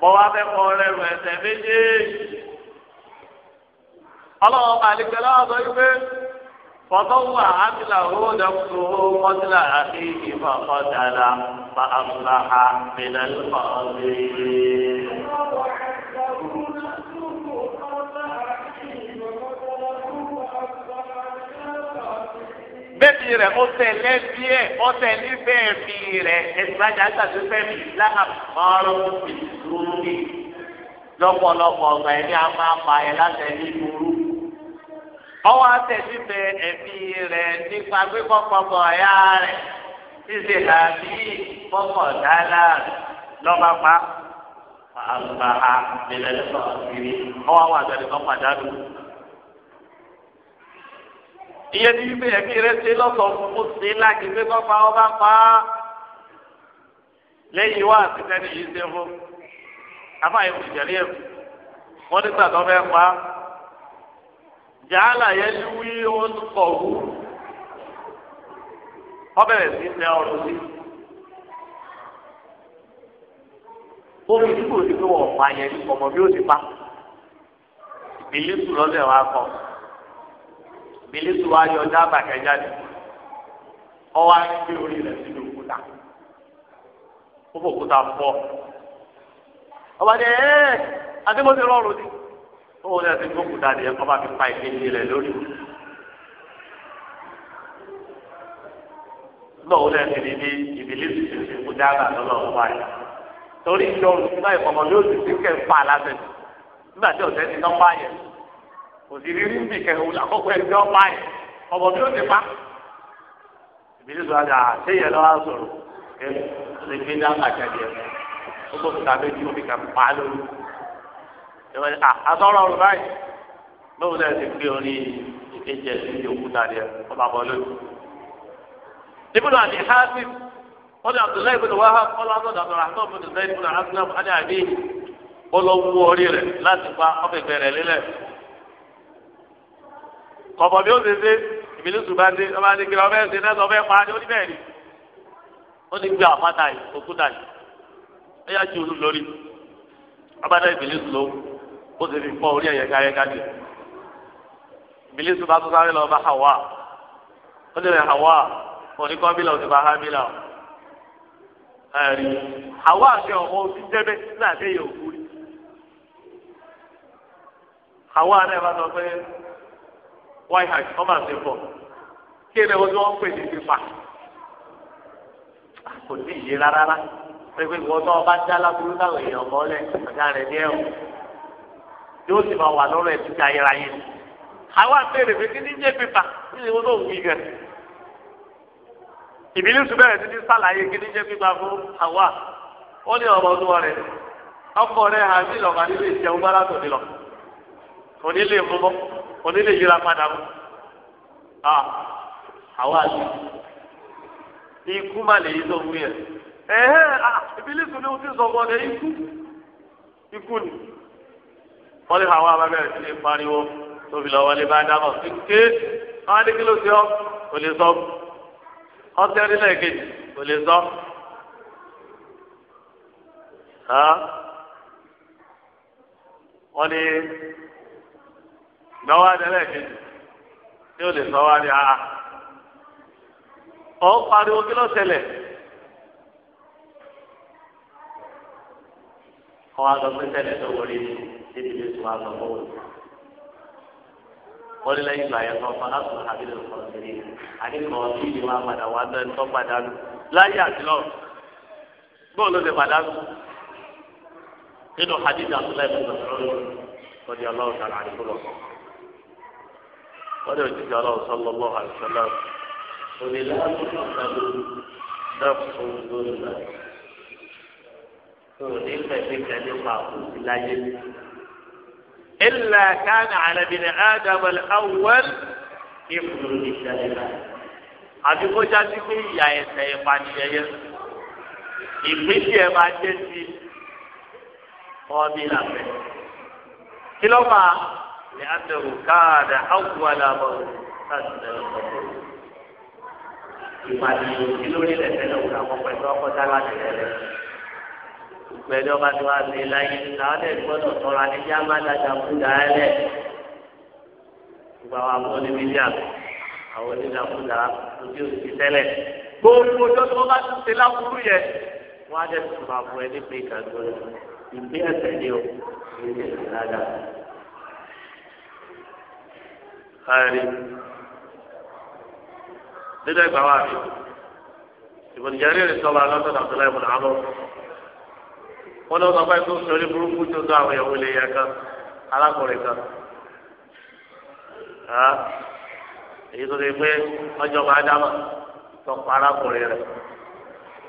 mo wá fẹ́ kọ́ rẹrù ẹsẹ̀ méjèèjì. ọlọ́run àlejò lọ́wọ́ sọ wípé. فضوى عمله نفسه قتل أخيه فقتل فأصبح من الخاسرين bẹ́ẹ̀ni rẹ̀ ọ̀sẹ̀ lẹ́bi ẹ̀ ọ̀sẹ̀ nífẹ̀ẹ́ fi rẹ̀ ẹ̀sìlájà àtàtú fẹ́mi islam ọ̀rọ̀ ìdúró ní lọ́pọ̀lọpọ̀ ọ̀gbà ẹ̀ ní a láti ẹ̀ burú ọwọ́ àtẹ̀síbẹ̀ ẹ̀mí rẹ̀ nípa pípọ́ pọ̀pọ̀ ọ̀yá rẹ̀ ṣíṣe àbí pọ̀pọ̀ dáná lọ́ba pa àgbà àbẹ̀lẹ̀ lọ́pọ̀ kiri ọwọ́ àwọn àgbẹ̀lẹ̀ kan pàdánù. iye ní ibi ẹ̀mí rẹ̀ ṣe lọ́sọ̀ọ́ fún un sí láti pé kọ́ ọba pa á wá àtìsẹ́ni yìí ṣe fún. afáyé kò jẹ̀lé ẹ̀kú wọ́n nígbà tó fẹ́ pa jàálà yẹn ti wí ó ń kọ̀ wú ọ bẹ̀rẹ̀ sí tẹ ọrùn sí. omi tí kò sí pé wa kọ ìbílísù wa yọ ọjà àbàkẹ́jáde ọwọ́ á gbé orí rẹ̀ sínú òkúta ó fò òkúta fọ́ ọba dẹ ẹ tó wọn náà ti gbókùn dáadé ẹ kọ́ bá fi pa ìkejì rẹ̀ lórí. náà wọn náà ti di ní ìbílẹ̀ tuntun kó dáàbà lọ́nà ọ̀pá rẹ̀. torí ìjọ olùsúná ìfọ̀mọ̀ yóò ti ti kẹ́ ń pa aláṣẹ nígbà tí ọ̀sẹ̀ ti nọ́pá yẹn kò sí rírí bì kẹ́ òun àkọ́kọ́ ẹ̀ jọ́ pa yẹn ọmọ mi ò ti pa. ìbílẹ̀ tuntun àti àṣeyẹ lọ́wọ́ sọ̀rọ̀ kẹ́ lè gbé dáàbà jáde ẹ̀ Ah, ìwọ ni àtọ́rọ̀ ọ̀rùn báyìí lóun náà ti gbé orí ìkejì ẹ̀sìn ní òkúta rẹ̀ ọba bọ̀ lónìí. ibùdó àti hásì wọ́n abdullahi ibùdó wàhá ọlọ́dún abdulrahman ibùdó zayd ibùdó abdullahi adé àbí olówó orí rẹ̀ láti pa ọ̀fẹ̀fẹ̀ rẹ̀ lílẹ̀. kọ̀bọ̀ bí ó ṣe ṣe ìbílẹ̀ ṣùgbọ́n ṣe ọba ní kí ọbẹ̀ ṣe náà ọbẹ̀ pa ní ni ó ti gbé àpáta yìí òkúta yìí ó yá ju olú lórí ọba ó sì fi fọ́ orí ẹ̀yẹ káyẹ káyẹ. Ìbílísù bá tún sáré lọ bá Hawa ó lè rẹ̀ Hawa oníkọ́bílà ó ti bá Hábílà ó. Ẹ̀rí Hawa àti ọmọ òbí jẹ́bẹ́ láti èyí òkú rí. Hawa náà bá sọ pé wáyé àti ọmọ àti ẹ̀fọ́ kí ẹ̀rẹ́ wọn tí wọ́n pè ní ti fà kò sí ìyé rárá pé pé ìwọ́n tó ọba dá lábúrú láwọn èèyàn mọ́lẹ̀ ọ̀gá rẹ̀ ní ẹ̀wọ̀n. yóò sì máa wà lọ́rọ̀ ẹ̀ títí ayérayé àwa béèrè pé kí ní jẹ́ pépà kí ni wọ́n tó wí gan. ìbílẹ̀ sùn bẹ̀rẹ̀ títí sàlàyé kí jẹ́ pépà fún àwa ó ní ọmọ ọdún ọkọ rẹ àbí ìlọ́mọ nílé ìjẹun bá látò nílọ onílé mọ́mọ́ onílé yíra padà àwa ikú má lè yí tó ìbílẹ̀ ti wọ́n lè àwọn abẹ́rẹ́ sí ní pariwo tó fi lọ wọlé bá dábọ̀ ké wọ́n á ní kí ló ṣe ọ́ kò lè sọ ọtí ẹni lẹ́ẹ̀kejì kò lè sọ. wọ́n ní ìgbàwọ́ adé lẹ́ẹ̀kejì tí ó lè sọ wá ní àá. ọ̀ pariwo kí ló ṣẹlẹ̀. wọ́n á sọ pé ṣẹlẹ̀ tó wọlé ni débi lè tó àgbà bọ́wọ́ yìí. wọ́n lé ìgbà yẹn kan fún aláṣọ àbílẹ̀ ọ̀kan kiri àdìkọ̀ bí ìwà padà wà bẹ́ẹ̀ tó padànù láyé àtìlọ́ bọ́ọ̀ ló lè padànù nínú hadith àtúlẹ̀ ìbùsùn ọ̀dí ọlọ́run tààrà àdìkú lọ. wọ́n lè òjijì ọlọ́run sọ́lọ́ lọ́wọ́ àdìsọ́lá òní láàrín ọ̀sán ló dá إلا كان على ابن آدم الأول إبن الشريعة àbí kó jáde pé ìyá ẹsẹ̀ ìpànìyàn yẹn ìpínsí ẹ̀ máa jẹ́ sí ọmọ ìlàfẹ́. kí ló máa ní àtẹ̀wò káàdà áwùwà làbọ̀ láti tẹ̀lé ọ̀pọ̀. ìpànìyàn kí lórí ẹ̀sẹ̀ lọ́wọ́ àwọn pẹ̀lú ọkọ̀ dá láti tẹ̀lé pẹ̀lú ọba tí wàá lè láyé làwọn ẹ̀ gbọ́dọ̀ tọ́ra ní bí a máa dájà fún dáálẹ̀. gbogbo àwọn abúlé níbi díà àwọn onídàkúdà ojú òsì tẹ́lẹ̀. gbogbo ọjọ́ tí wọ́n bá ti ṣe lákúrú yẹn wọ́n á jẹ́ tuntun máa fún ẹ nípa ìkàgbọ́ ìgbé ẹ̀sẹ̀ ni o ìgbé ẹ̀sẹ̀ dáadáa. káyọ̀rí nínú ẹgbàá wa mi ìbùdíjà rírì sọ́ba lọ́sọ̀dọ̀ àbúlá ìbùdó wọn lọ sọ pé kó sori burúkú tó tó àwọn ìyàwó lè yẹ kan alákùnrin kan èyí tó ti pé ọjọ́ máa dámà tó pa arákùnrin rẹ̀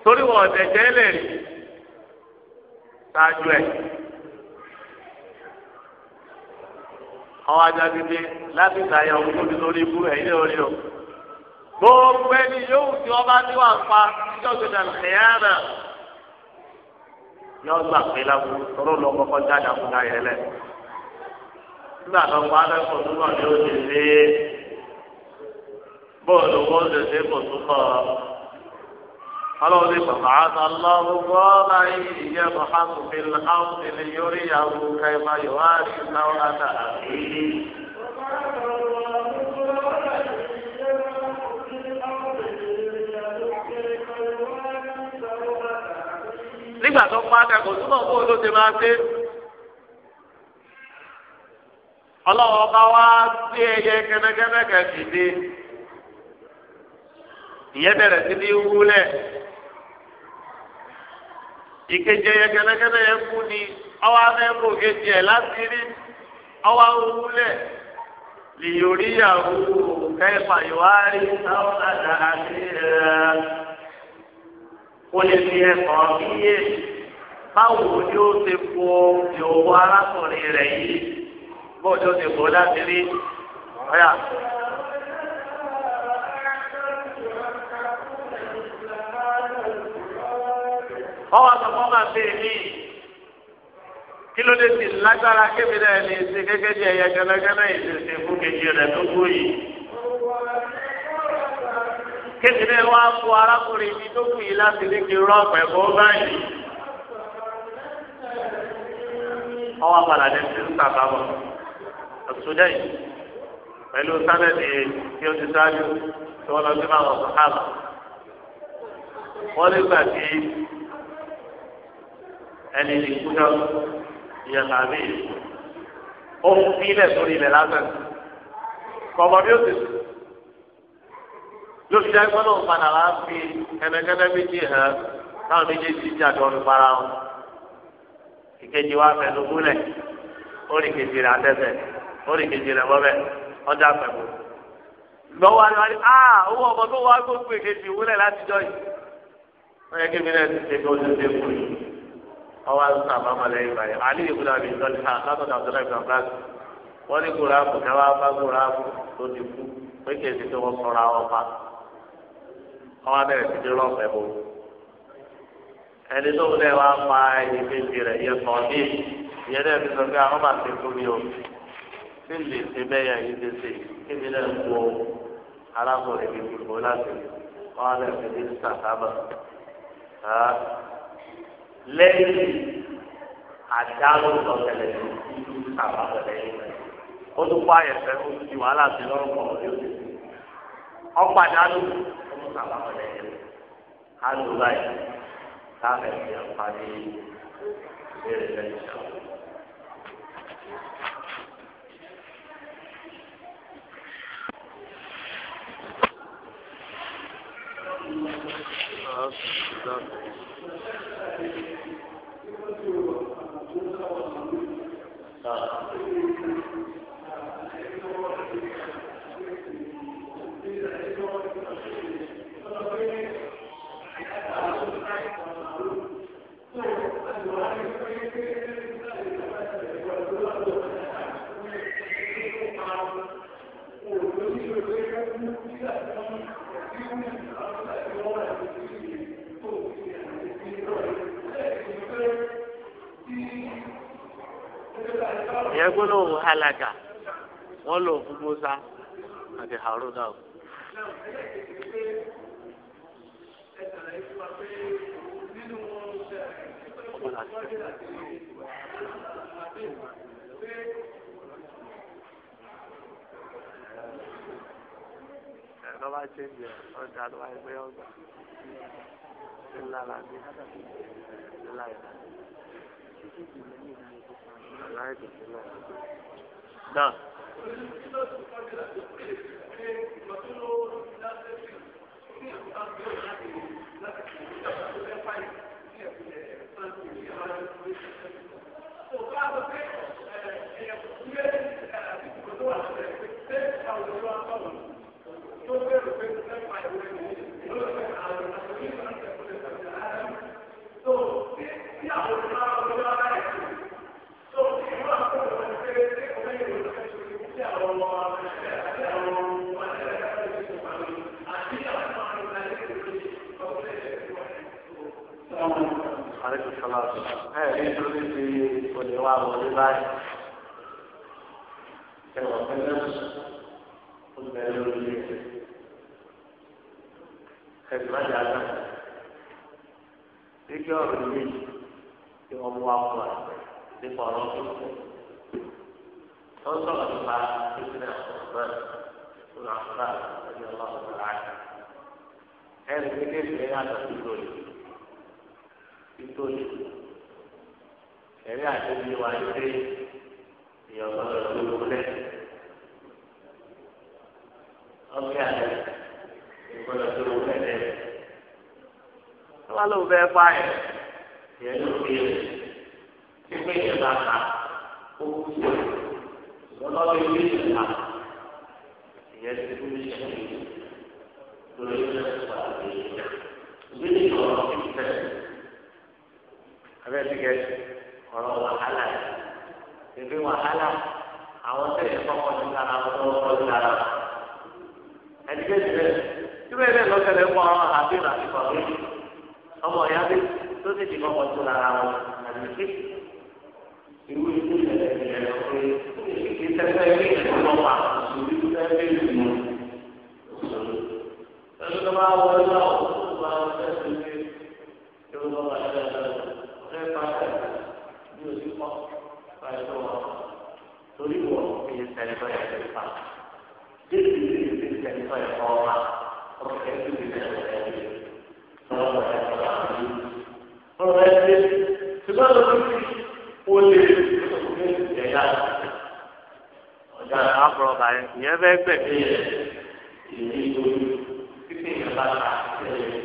torí wọn ọ̀tẹ̀ jẹ́lẹ̀ rí ṣáájú ẹ̀ àwọn ajáde dé láti ṣàyà òun tó ti lórí ibú ẹ̀ ilé orí o gbogbo ẹni yóò tí wọn bá ní wà ń pa ìjọba ìdàlùkẹ́yà náà yọ gbà pé lábúrú tọrọ lọ kọkọ jáde àbúrò ayẹ lẹ nígbà tó kọ akẹ́kọ̀ọ́ tó náà ni ó ti ṣe é bóòlù wọn lè ṣe kò tó kọ ọlọ́run bàbá àtàlọ́rù bọ́ọ̀lá yìí yẹ mọ̀hámù fi láwù nílé yorí yàwù kẹfà yòówá rí náwó àtàlà yìí. nígbà tó pa akẹ́kọ̀ọ́ túbọ̀ kó ló ti máa ṣe. ọlọ́wọ́ bá wá sí ẹyẹ kẹ́nẹ́kẹ́nẹ́ kẹ́sì dé ìyẹn bẹ̀rẹ̀ sí ní wúlẹ̀ ìkejì ẹyẹ kẹ́nẹ́kẹ́nẹ́ yẹn kú ni ọwọ́ amẹ́kọ̀ọ́ kejì ẹ̀ láti rí ọwọ́ wúlẹ̀ lìyóríyàwó kẹfà yòwárí táwọn àdàlẹ́ rẹ̀ kó lè fi ẹ̀kọ́ yíyé báwo ni ó ti po ìhòòhò arákùnrin rẹ̀ yìí bó ni ó ti po láti rí ọ̀yà. ọwọ́ àtọ̀kọ́ máa ń bèè mí kí ló dé sí lágbára kébìrẹ́ ẹni ṣe gẹ́gẹ́ bí ẹ̀yẹ gẹ́gẹ́ ìṣẹ̀ṣẹ̀ fún kejì rẹ̀ tó kú yìí kékeré wa kó arákùnrin mi tó kù yìí láti lè kí rọ́ọ̀pù ẹ̀kọ́ báyìí. ọwọ́ àpàlàdé ti ń sàbábọ̀ ọ̀sùnjẹ́ yìí pẹ̀lú sábẹ́ẹ̀dì tí ó ti sáájú tí wọ́n lọ sí máa wọ̀n sàkáàbà. wọ́n lè gbà tí ẹni ìkú náà ìyẹn tàbí ó fi ilẹ̀ sórí ilẹ̀ lásán kọ̀ọ̀mọ́ bí ó ti sùn. lórí ìjà ìpínlẹ̀ òun padà wá fi ẹnẹgẹ́dẹ́ méjì hàn táwọn méjèèjì jà tó ń para wọn. ìkejì wa fẹnu gúnlẹ̀ orí kejì rẹ̀ àtẹ̀sẹ̀ orí kejì rẹ̀ mọ́bẹ̀ ọjà pẹ̀lú. ìgbà wo wáyé wáyé aa ah, owó ọmọ tó wá gbogbo ìkejì wúlẹ̀ látijọ́ yìí. wọ́n yẹ kí mi náà ti ṣe kí ojú ṣe kú yìí. ọwọ́ àtúntà àbámọ̀lẹ́ ìbàyẹ̀ àlè ìbúdà mi pé kèsì tó wọ́n sọ̀rọ̀ àwọn pa ọmọ abẹ́rẹ́ ti di rọ́ọ̀fẹ́ bò ẹni tó lẹ́ wá pa ẹni méjì rẹ̀ yẹ kàn ní ìyẹn náà fi sọ pé àwọn máa fi kú mi o tí n lè ṣe bẹ́ẹ̀ yẹn yìí ṣe kí mi náà wọ arákùnrin mi kúrò láti ọmọ abẹ́rẹ́ ti di sàkábà lẹ́yìn àdánù lọ́tẹ̀lẹ̀ sàkábà lẹ́yìn ó tún kó àyẹ̀fẹ́ ó tún di wàhálà sí lọ́rùn kọ̀ọ̀ọ́ ọ̀pàdánù tó sábà wọn lẹ́yìn ká ló báyìí ká ẹ̀sìn àǹfààní ìbéèrè lẹ́yìn ìṣàkóso. Thank you. gbólóhùn halaka wọ́n lò fún Musa àti Haruna o. lọ́ba náà. So, yeah, I was ẹ ẹ nítorí ti olè wa wọlé báyìí ẹ wọ pẹ̀lẹ́ ó bẹ lórí ẹ má jà náà ike ọ̀rọ̀ yìí tí wọn mú wa fún wa nípa ọ̀rọ̀ tó kù wọn sọ̀rọ̀ nípa ìpínlẹ̀ ọgbọn ọgbọn ọgbọn ọjọ́ Ọlọ́run ọgbọn ẹ ẹ ní kékeré yàtọ̀ sí lórí nítorí ẹ̀rí àtẹ̀bí wa ń gbé ìyọ̀gbọ́n rẹ̀ ló lẹ̀. ọ̀gbẹ́ àlẹ́ ìgbọ́dọ̀ tó lọ lẹ̀ lẹ̀. wọ́n lò bẹ́ẹ̀ pa ẹ̀ ìyẹn ló fi pípé yẹn bá ta ó kú sí ọ̀ lọ́wọ́ ilé ìta ìyẹn ti kú ní ìṣẹ̀lẹ̀ lórí ìṣẹ̀lẹ̀ pàtàkì ìṣẹ̀lẹ̀ ìṣẹ̀lẹ̀ ọ̀rọ̀ ìṣẹ̀lẹ̀ ẹbẹ ti kẹ ọ̀rọ̀ wàhálà ìgbé wàhálà àwọn tẹ ẹ kọ́kọ́ ti dára wọn tó wọn ti dára ẹni bẹ ti bẹ tí bẹ́ẹ̀ bẹ́ẹ̀ lọ tẹ́lẹ̀ kọ àwọn àbí ràbí kọrí ọmọ ìyá bí tó ti di kọ́kọ́ tó dára wọn àbí kí irú ìlú ìlẹ ìlẹ lọ pé ìtẹsẹ ilé ìlẹ lọ pa òṣèlú ìlẹ ìlú ìlú òṣèlú ẹni tó bá wọlé náà ó tó bá wọlé ẹsẹ̀ ilé tó bá wọlé ẹsẹ̀ ilé pátá ìyẹn fẹ́ gbẹ̀mí ẹ̀ ìyẹn tó títí ìyẹn bá ta ẹ̀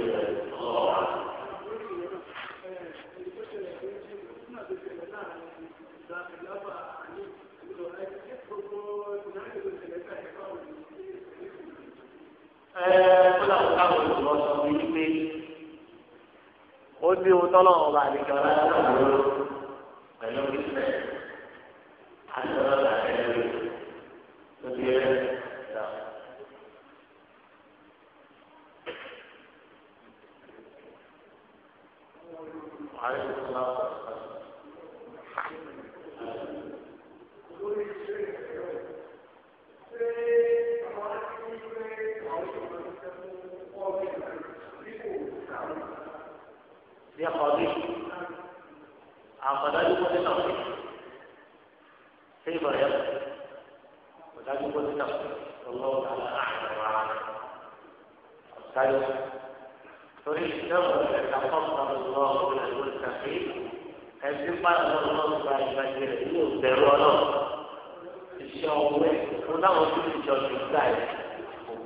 kódà kó káwọn olùkọ́ sọ fún yín pé ó ní ohun tọ́lọ́ ọba àdìgbà lásìkò pẹ̀lú ìfẹ́ àti ọlọ́dà ẹ̀rọ lóbi rẹ̀.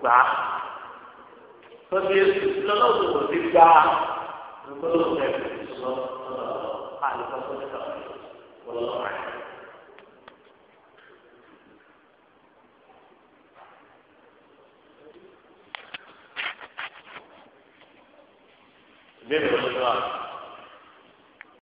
gbà á lọ́sí lọ́lọ́sọ̀ kò sí gbà á lọ́sọ̀ kò sí sọ àlùkọ́sọ̀ nípa ọlọ́wọ́ rẹ̀. Bẹ́ẹ̀ni